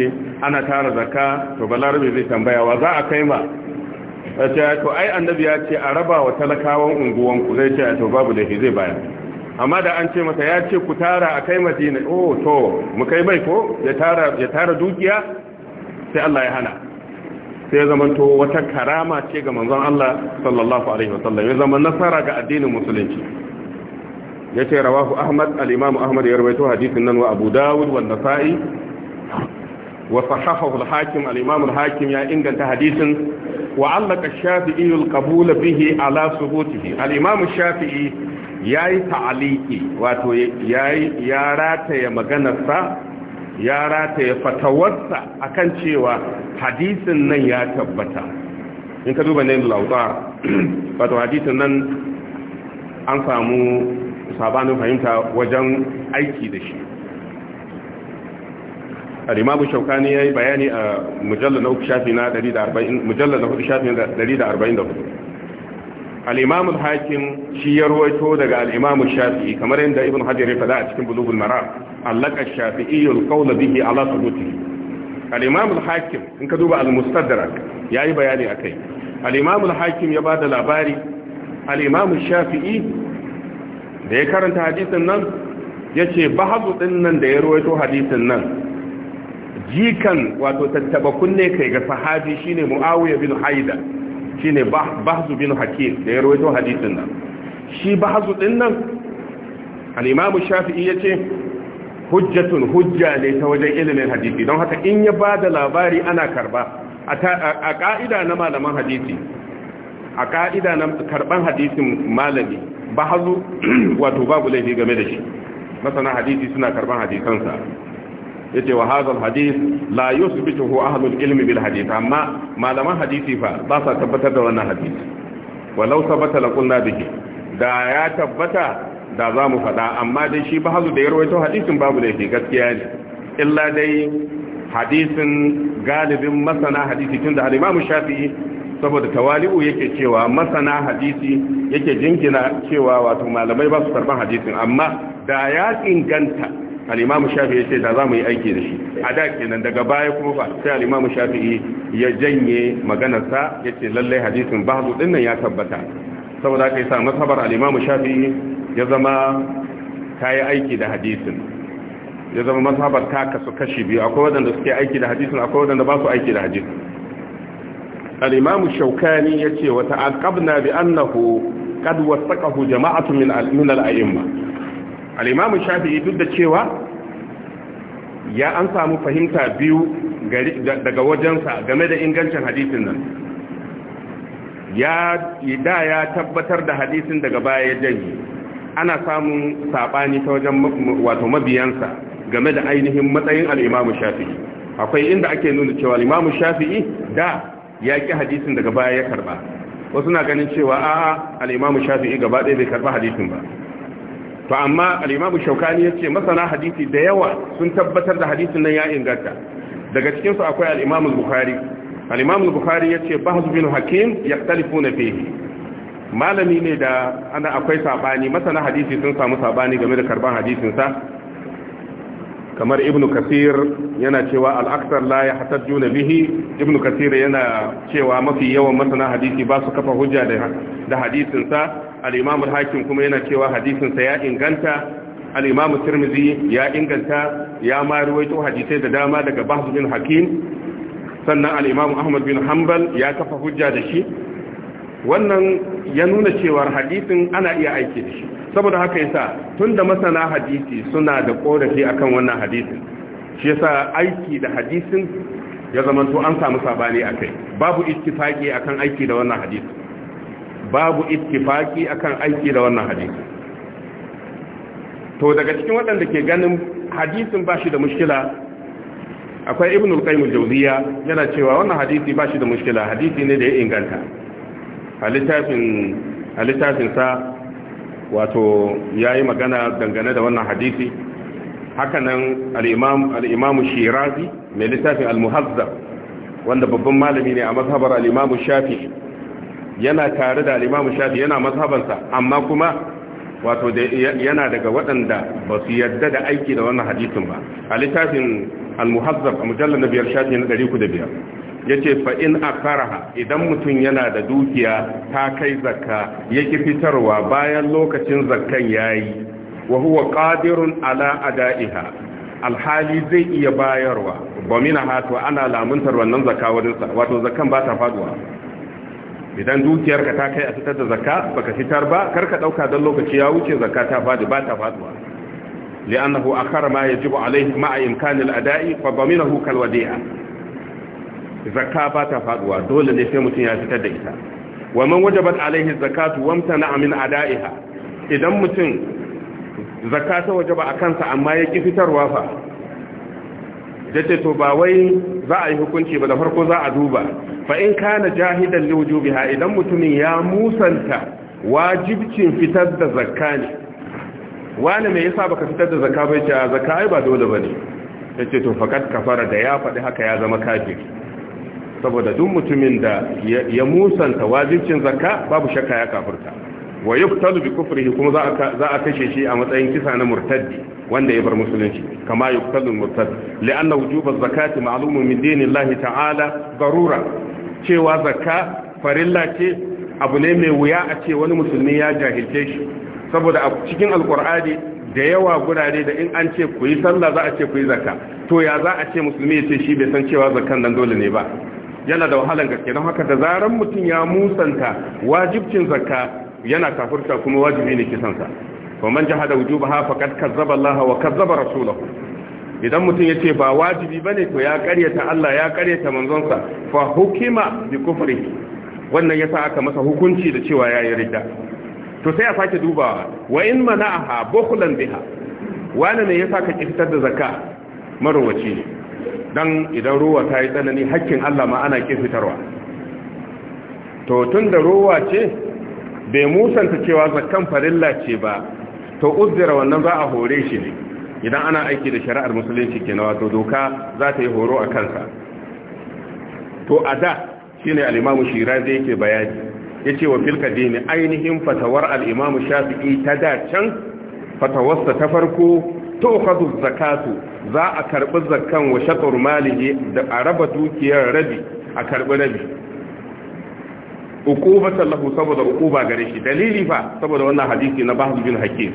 ana tara zakka to balarabe zai tambaya wa za a kai ma to ai annabi ya ce a raba wa talakawan unguwanku zai ce to babu da zai bayar amma da an ce masa ya ce ku tara a kai madina oh to mu kai bai ko ya tara ya tara dukiya sai Allah ya hana sai ya zama to wata karama ce ga manzon Allah sallallahu alaihi wasallam ya zama nasara ga addinin musulunci yace rawahu ahmad al-imam ahmad ya rawaito hadisin nan wa abu dawud wa nasa'i wa sahahahu al-hakim al-imam al-hakim ya inganta hadisin wa allaka shafi'i al-qabul bihi ala subutihi al-imam shafi'i yayi ta'aliki wato yayi ya rataya maganarsa ya rataye fatawarsa kan cewa hadisin nan ya tabbata in ka duba nayin lauta wato hadisin nan an samu sabanin fahimta wajen aiki da shi alimabu shaukani ya yi bayani a mujallar na uku shafi na 140 mujallar na hudu shafi na 144 al'imamu hakim shi ya ruwaito daga al'imamu shafi kamar yadda ibn hajjar ya fada a cikin Bulugun Mara. allaka shafi'i al bihi ala thubuti al-imam al-hakim in ka duba al-mustadrak yayi bayani akai al-imam al-hakim ya bada labari al-imam shafi'i da ya karanta hadisin nan yace bahazu din nan da ya ruwaito hadisin nan jikan wato tattaba kunne kai ga sahabi shine muawiya bin haida shine bahzu bin hakim da ya ruwaito hadisin nan shi bahzu din nan al-imam shafi'i yace hujjatun hujja ne ta wajen ilimin hadisi don haka in ya ba da labari ana karba a ka'ida na malaman hadisi a ka'ida na karban hadisin malami ba hazu wato babu laifi game da shi masana hadisi suna karban hadisansa ya ce wa hazal hadis la yusbitu hu ahlul ilmi bil hadis amma malaman hadisi fa ba sa tabbatar da wannan hadisi walau sabata la qulna da ya tabbata da za mu faɗa amma dai shi ba hazu da ya rawaito hadisin babu da yake gaskiya ne illa dai hadisin galibin masana hadisi tun da alimamu shafi saboda tawali'u yake cewa masana hadisi yake jingina cewa wato malamai ba su karban hadisin amma da ya inganta alimamu shafi ya ce da za mu yi aiki da shi a da kenan daga baya kuma ba sai alimamu shafi ya janye maganarsa ya ce lallai hadisin ba hazu ɗin nan ya tabbata saboda aka yi sa masabar alimamu shafi ya zama ta yi aiki da hadisin ya zama mazhabar ta kasu kashi biyu akwai wadanda suke aiki da hadisin akwai wadanda ba su aiki da hadisin al'imamu shaukani ya ce wata alƙabna bi annahu kad tsakahu jama'atu min al'a'imma al'imamu shafi'i duk da cewa ya an samu fahimta biyu daga wajensa game da ingancin hadisin nan ya da ya tabbatar da hadisin daga baya ya janyi. ana samun sabani ta wajen wato mabiyansa game da ainihin matsayin al-Imam Shafi'i akwai inda ake nuna cewa al-Imam Shafi'i da ya ki hadisin daga baya ya karba wasu na ganin cewa a'a al-Imam Shafi'i gaba ɗaya bai karba hadisin ba to amma al-Imam ya yace masana hadisi da yawa sun tabbatar da hadisin nan ya inganta daga cikin su akwai al-Imam Bukhari al-Imam Bukhari yace bahz bin Hakim yaktalifuna fihi malami ne da ana akwai sabani masana hadisi sun samu sabani game da karban hadisinsa kamar ibnu kasir yana cewa al'aksar la ya hatar juna bihi ibnu kasir yana cewa mafi yawan masana hadisi ba su kafa hujja da hadisinsa al'imamun hakim kuma yana cewa hadisinsa ya inganta al'imamun tirmizi ya inganta ya maruwaito hadisai da dama daga bahsu bin hakim sannan al'imamun ahmad bin Hambal ya kafa hujja da shi wannan ya nuna cewar hadisin ana iya aiki da shi saboda haka yasa tunda masana hadisi suna da korafi akan wannan hadisin shi yasa aiki da hadisin ya zamanto an samu sabani akai babu ittifaqi akan aiki da wannan hadisin babu ittifaqi akan aiki da wannan hadisin to daga cikin waɗanda ke ganin hadisin bashi da mushkila akwai ibnu qayyim al-jawziya yana cewa wannan hadisi bashi da mushkila hadisi ne da ya inganta a littafinsa wato ya yi magana dangane da wannan hadisi hakanan al'imamu shirazi mai littafin al muhazzar wanda babban malami ne a mazhabar al'imamu shafi yana tare da al'imamu shafi yana mazhabansa amma kuma wato yana daga waɗanda ba su yadda da aiki da wannan hadisin ba a littafin al muhazzar a mujallar na biyar shafi na ya ce fa'in a idan mutum yana da dukiya ta kai zakka ya ki fitarwa bayan lokacin zakkan ya yi wa huwa ƙadirun ala ada'iha alhali zai iya bayarwa ba mina hatu ana lamuntar wannan zakka wurinsa wato zakkan ba ta faduwa idan dukiyarka ta kai a fitar da zakka ba ka fitar ba karka ɗauka don lokaci ya wuce zakka ta fadi ba ta faduwa li'annahu akhara ma yajibu alaihi ma'a imkanil ada'i fa daminahu kalwadi'a zakka ba ta faduwa dole ne sai mutum ya fitar da ita wa man wajabat alaihi zakatu wamtana min ada'iha idan mutum zakka ta wajaba a kansa amma ya ki fitarwa fa dace to ba wai za a yi hukunci ba da farko za a duba fa in kana jahidan li wujubiha idan mutumin ya musanta wajibcin fitar da zakka ne wani me yasa baka fitar da zakka bai ta zakka ai ba dole bane yace to faqad kafara da ya faɗi haka ya zama kafiri saboda duk mutumin da ya musanta wajibcin zakka babu shakka ya kafirta wa yuftalu bi kufrihi kuma za a kashe shi a matsayin kisa na murtaddi wanda ya bar musulunci kama yuftalu murtad li'anna wujuba zakati ma'lumun min dinillahi ta'ala darura cewa zakka farilla ce abu ne mai wuya a ce wani musulmi ya jahilce shi saboda a cikin alqur'ani da yawa gurare da in an ce ku yi sallah za a ce ku yi zakka to ya za a ce musulmi ya ce shi bai san cewa zakkan nan dole ne ba yana da wahalan gaske don haka da zarar mutum ya musanta wajibcin zakka yana kafirta kuma wajibi ne kisansa wa man jahada wujubaha faqad zaba Allah wa kazzaba rasulahu idan mutum ya ce ba wajibi ba ne to ya karyata Allah ya karyata manzonsa fa hukima bi kufrihi wannan yasa aka masa hukunci da cewa yi rida. to sai a sake dubawa wa in mana'aha bukhlan biha wani ne yasa ka kifitar da zakka marwaci ne dan idan ruwa ta yi tsanani hakkin Allah ma ana ƙin fitarwa to tun da ruwa ce bai musanta cewa zakkan farilla ce ba to uzira wannan za a hore shi ne idan ana aiki da shari'ar musulunci ke na wato doka za ta yi horo a kansa to a da shi ne al'imamu shirazi yake bayani ya ce wa filka dini ainihin fatawar al'imamu shafi'i ta da can fatawarsa ta farko to tukhadhu zakatu za a karbi zakkan wa shatar malihi da a raba dukiyar rabi a karbi rabi uqubatan lahu saboda uquba gare shi dalili fa saboda wannan hadisi na Bahd bin Hakim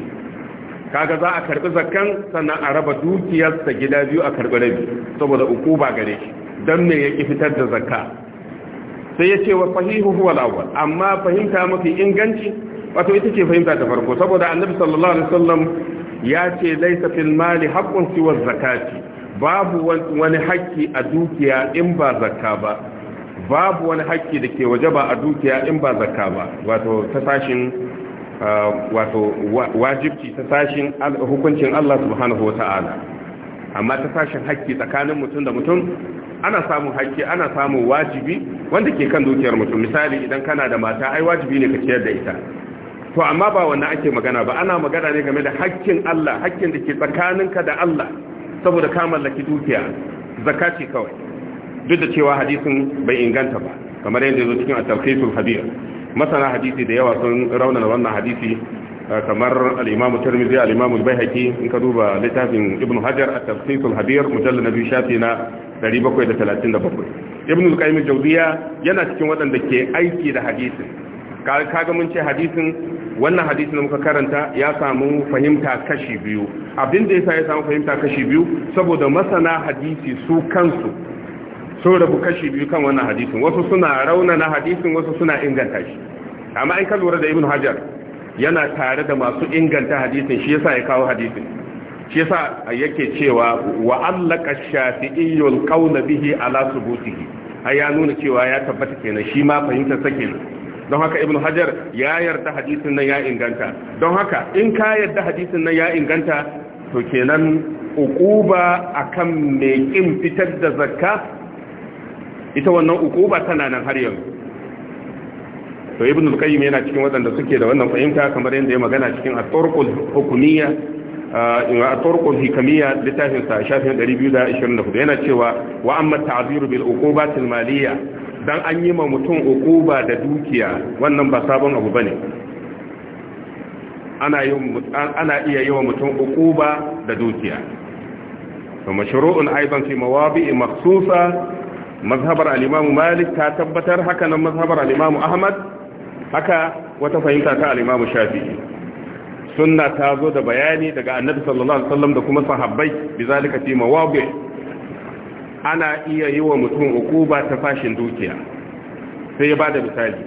kaga za a karbi zakkan sannan a raba dukiyar sa gida biyu a karbi rabi saboda uquba gare shi dan me yake fitar da zakka sai yace wa sahihu huwa al-awwal amma fahimta mafi inganci wato ita ce fahimta ta farko saboda annabi sallallahu alaihi wasallam ya ce laisa fil mali haqqun siwa zakati babu wani haƙƙi a dukiya in ba zakka ba babu wani haƙƙi da ke waje ba a dukiya in ba zakka ba wato ta sashin wato wajibci ta sashin hukuncin Allah subhanahu wata'ala amma ta sashin haƙƙi tsakanin mutum da mutum ana samun haƙƙi ana samun wajibi wanda ke kan dukiyar mutum misali idan kana da mata ai wajibi ne ka ciyar da ita to amma ba wannan ake magana ba ana magana ne game da hakkin Allah hakkin da ke tsakaninka da Allah saboda ka mallaki dukiya zakati kawai duk da cewa hadisin bai inganta ba kamar yadda yazo cikin at-talqisul masana hadisi da yawa sun raunana wannan hadisi eh, kamar al-imam tirmidhi al-imam al-baihaqi in ka duba littafin ibn hajar at-talqisul habir mujallad nabi shafi na 737 ibn al-qayyim al-jawziya yana cikin wadanda ke aiki da hadisin kaga mun ce hadisin wannan hadisi da muka karanta ya samu fahimta kashi biyu abin da yasa ya samu fahimta kashi biyu saboda masana hadisi su kansu sun rabu kashi biyu kan wannan hadisin wasu suna raunana hadisin wasu suna inganta shi amma in ka lura da ibn hajar yana tare da masu inganta hadisin shi yasa ya kawo hadisin shi yasa yake cewa wa allaka shafi'iyyul qawl bihi ala subutihi ai ya nuna cewa ya tabbata kenan shi ma fahimtar sa don haka ibn hajar ya yarda hadisin nan ya inganta don haka in ka yarda hadisin nan ya inganta to kenan ukuba akan mai kin fitar da zakka ita wannan ukuba tana nan har yanzu to ibn al-qayyim yana cikin waɗanda suke da wannan fahimta kamar yadda ya magana cikin at-turqul hukumiyya eh, at-turqul hikamiyya littafin sa shafin 224 yana cewa wa amma ta'ziru bil uqubat maliyya dan an yi ma mutum ukuba da dukiya wannan ba sabon abu ba ne ana iya yi wa mutum ukuba da dukiya to mashru'un aidan fi mawabi'i makhsusa mazhabar alimamu malik ta tabbatar haka nan mazhabar alimamu ahmad haka wata fahimta ta alimamu imam shafi'i sunna ta zo da bayani daga annabi sallallahu alaihi wasallam da kuma sahabbai bizalika fi mawabi'i ana iya yi wa mutum ukuba ta fashin dukiya sai ya ba da misali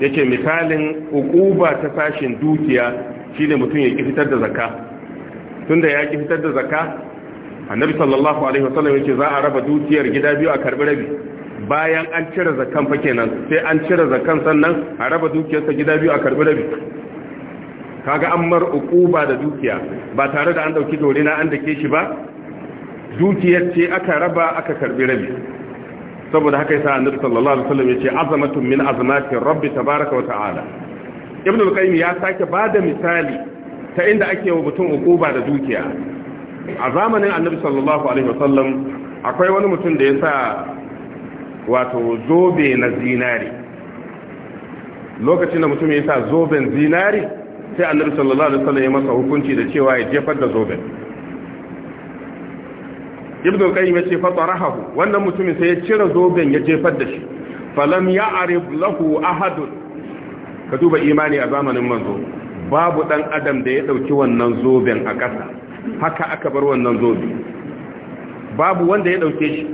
ya ce misalin ukuba ta fashin dukiya shi ne mutum ya kifitar fitar da zaka tunda ya kifitar fitar da zaka annabi sallallahu alaihi wasallam ya ce za a raba dukiyar gida biyu a karbi rabi bayan an cire zakan fa kenan sai an cire zakan sannan a raba dukiyar sa gida biyu a karbi rabi kaga an mar ukuba da dukiya ba tare da an dauki dore na an dake shi ba dukiyar ce aka raba aka karbi rabi saboda haka yasa annabi sallallahu alaihi wasallam yace azamatun min azamati rabbi tabaaraka wa ta'ala ibnu al-qayyim ya sake bada misali ta inda ake wa mutum ukuba da dukiya a zamanin annabi sallallahu alaihi wasallam akwai wani mutum da ya sa wato zobe na zinari lokacin da mutum ya sa zoben zinari sai annabi sallallahu alaihi wasallam ya masa hukunci da cewa ya jefar da zoben ibn qayyim yace fa wannan mutumin sai ya cire zoben ya jefar da shi falam ya'rif lahu ahad ka duba imani a zamanin manzo babu dan adam da ya dauki wannan zoben a kasa haka aka bar wannan zobe babu wanda ya dauke shi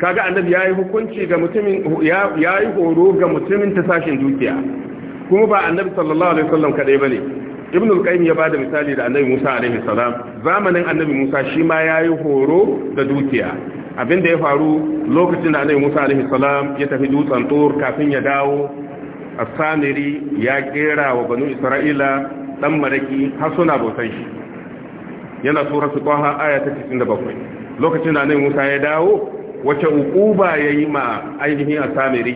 kaga annabi yayi hukunci ga mutumin yayi horo ga mutumin tasashin dukiya kuma ba annabi sallallahu alaihi wasallam kadai bane ibn al-qayyim ya bada misali da annabi Musa alaihi salam zamanin annabi Musa shi ma yayi horo da dukiya abinda ya faru lokacin da annabi Musa alaihi salam ya tafi dutsen tur kafin ya dawo as-samiri ya kera wa banu isra'ila dan maraki har suna bautan shi yana sura qaha aya ta 97 lokacin da annabi Musa ya dawo wace ukuba yayi ma ainihin as-samiri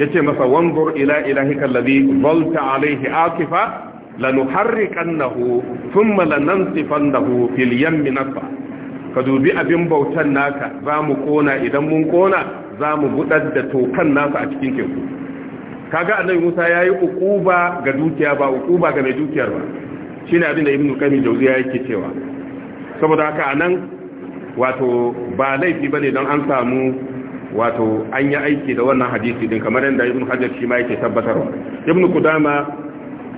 yace masa wanzur ila ilahika alladhi zalta alaihi akifa lanuharriqannahu thumma lanansifannahu fil yammi nafa ka dubi abin bautan naka zamu kona idan mun kona zamu gudar da tokan naka a cikin teku kaga annabi Musa yayi ukuba ga dukiya ba ukuba ga mai dukiyar ba shine abin da Ibn qayyim jawziya yake cewa saboda haka anan wato ba laifi bane don an samu wato an yi aiki da wannan hadisi din kamar yadda ibn hajar shi ma yake tabbatarwa ibn kudama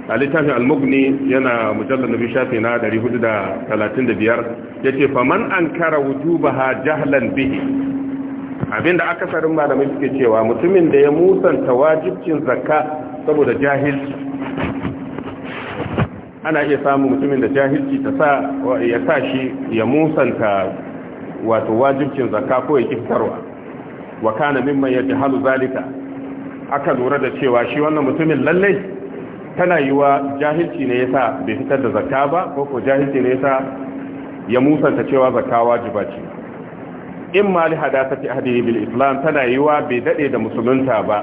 a littafin almugni yana mujallar nabi shafi na 435 ya ce faman an kara wujubaha jahlan bihi abinda akasarin malamai suke cewa mutumin da ya musanta wajibcin zakka saboda jahilci ana iya samun mutumin da jahilci ta sa ya sa shi ya musanta wato wajibcin zakka ko ya kiftarwa wa kana mimman yajhalu zalika aka lura da cewa shi wannan mutumin lallai tana yiwa jahilci ne yasa bai fitar da zakka ba ko ko jahilci ne yasa ya musanta cewa zakka wajiba ce in ma li fi ahdihi bil islam tana yiwa bai dade da musulunta ba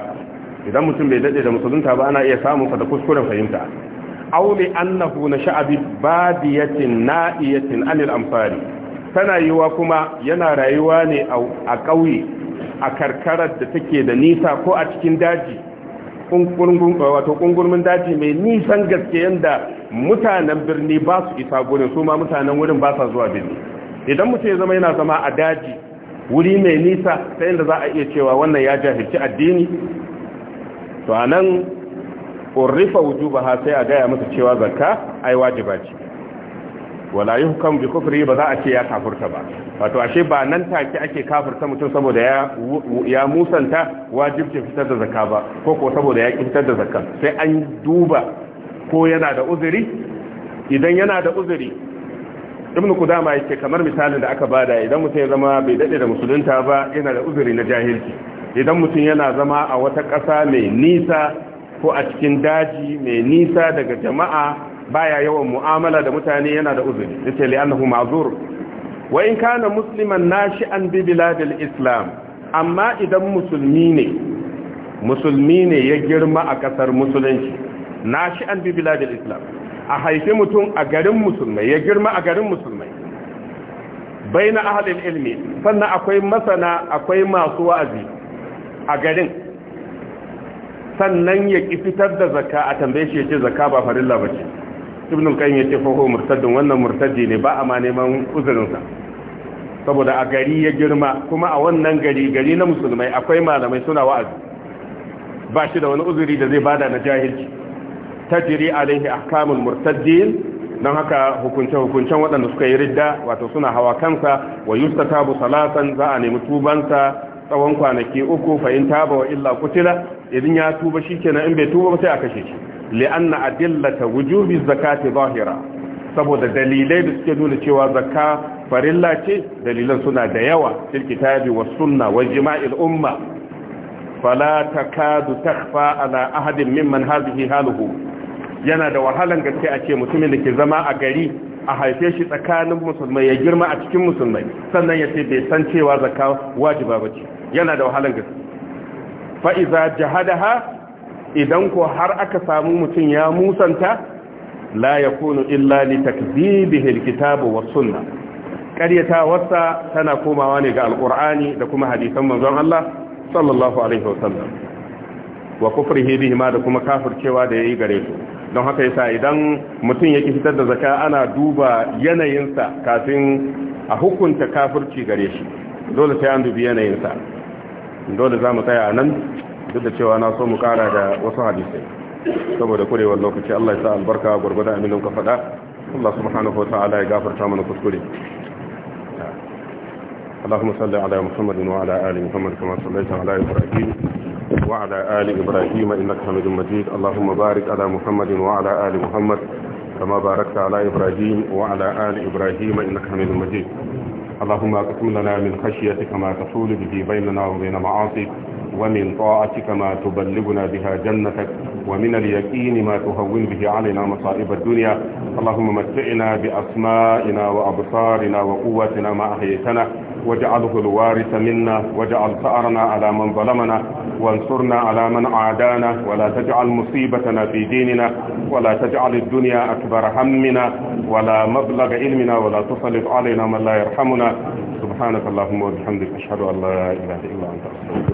idan mutum bai dade da musulunta ba ana iya samun sa da kuskuren fahimta aw li annahu nasha'abi badiyatin na'iyatin anil amfari tana yiwa kuma yana rayuwa ne a ƙauye a karkarar da take da nisa ko a cikin daji Eh, wato kungurmin daji mai nisan gaske yanda mutanen birni ba su isa gurin su ma mutanen wurin ba sa zuwa birni idan mutu ya zama yana zama a daji wuri mai nisa ta yadda za a iya cewa wannan ya jahilci addini to a nan ƙorrifa wujuba ha sai a gaya masa cewa zakka ai wajiba ce wala hukam bi kufri ba za a ce ya kafurta ba wato ashe ba nan take ake kafurta mutum saboda ya ya musanta wajibcin fitar da zakka ba ko ko saboda ya fitar da zakka sai an duba ko yana da uzuri idan yana da uzuri ibn kudama yake kamar misalin da aka bada idan mutum ya zama bai daɗe da musulunta ba yana da uzuri na jahilci idan mutum yana zama a wata ƙasa mai nisa ko a cikin daji mai nisa daga jama'a baya yawan mu'amala da mutane yana da uzuri yace li annahu ma'zur wa in kana musliman nashi'an bi biladil islam amma idan musulmi ne musulmi ne ya girma a kasar musulunci nashi'an bi biladil islam a haifi mutum a garin musulmai ya girma a garin musulmai baina ahlil ilmi sannan akwai masana akwai masu wa'azi a garin sannan ya ƙi fitar da zakka a tambaye shi ya ce zakka ba farilla bace ce ibn al-qayyim yace fa huwa wannan murtadi ne ba a ma neman uzurin sa saboda a gari ya girma kuma a wannan gari gari na musulmai akwai malamai suna wa'azi ba shi da wani uzuri da zai bada na jahilci tajri alaihi ahkamul murtadin dan haka hukunce-hukuncen waɗanda suka yi ridda wato suna hawa kansa wa yustatabu salatan za a nemi tubansa tsawon kwanaki uku in taba wa illa kutila idan ya tuba shi in bai tuba ba sai a kashe shi a dillata wujubi zakati zahira saboda dalilai da suke nuna cewa zakka farilla ce dalilan suna da yawa fil kitabi wa sunna wa jima'il umma fala takadu takhfa ala ahadin mimman hadhihi haluhu yana da wahalan gaske a ce mutumin da ke zama a gari a haife shi tsakanin musulmai ya girma a cikin musulmai sannan ya ce bai san cewa zakka wajiba bace yana da wahalan gaske fa iza jahadaha idan ko har aka samu mutum ya musanta la kunu illa li takdhibihi alkitabu was sunnah wasa tana komawa ne ga alqur'ani da kuma hadisan manzon Allah sallallahu alaihi wasallam wa kufrihi ma da kuma kafircewa da yayi gare su don haka yasa idan mutum yake fitar da zaka ana duba yanayinsa kafin a hukunta kafirci gare shi dole sai an dubi yanayinsa dole za mu tsaya nan duk da cewa na so mu kara da wasu hadisai saboda kurewar lokaci Allah ya sa albarka gurgurda aminin ka faɗa Allah subhanahu wa ta'ala ya gafarta mana kuskure اللهم صل على محمد وعلى آل محمد كما صليت على إبراهيم وعلى آل إبراهيم إنك حميد مجيد اللهم بارك على محمد وعلى آل محمد كما باركت على إبراهيم وعلى آل إبراهيم إنك حميد مجيد اللهم أقسم لنا من خشيتك ما تحول به بيننا وبين معاصيك ومن طاعتك ما تبلغنا بها جنتك ومن اليقين ما تهون به علينا مصائب الدنيا اللهم متعنا بأسمائنا وأبصارنا وقوتنا ما أحييتنا واجعله الوارث منا واجعل ثأرنا على من ظلمنا وانصرنا على من عادانا ولا تجعل مصيبتنا في ديننا ولا تجعل الدنيا أكبر همنا ولا مبلغ علمنا ولا تسلط علينا من لا يرحمنا سبحانك اللهم وبحمدك أشهد أن لا إله إلا أنت أستغفرك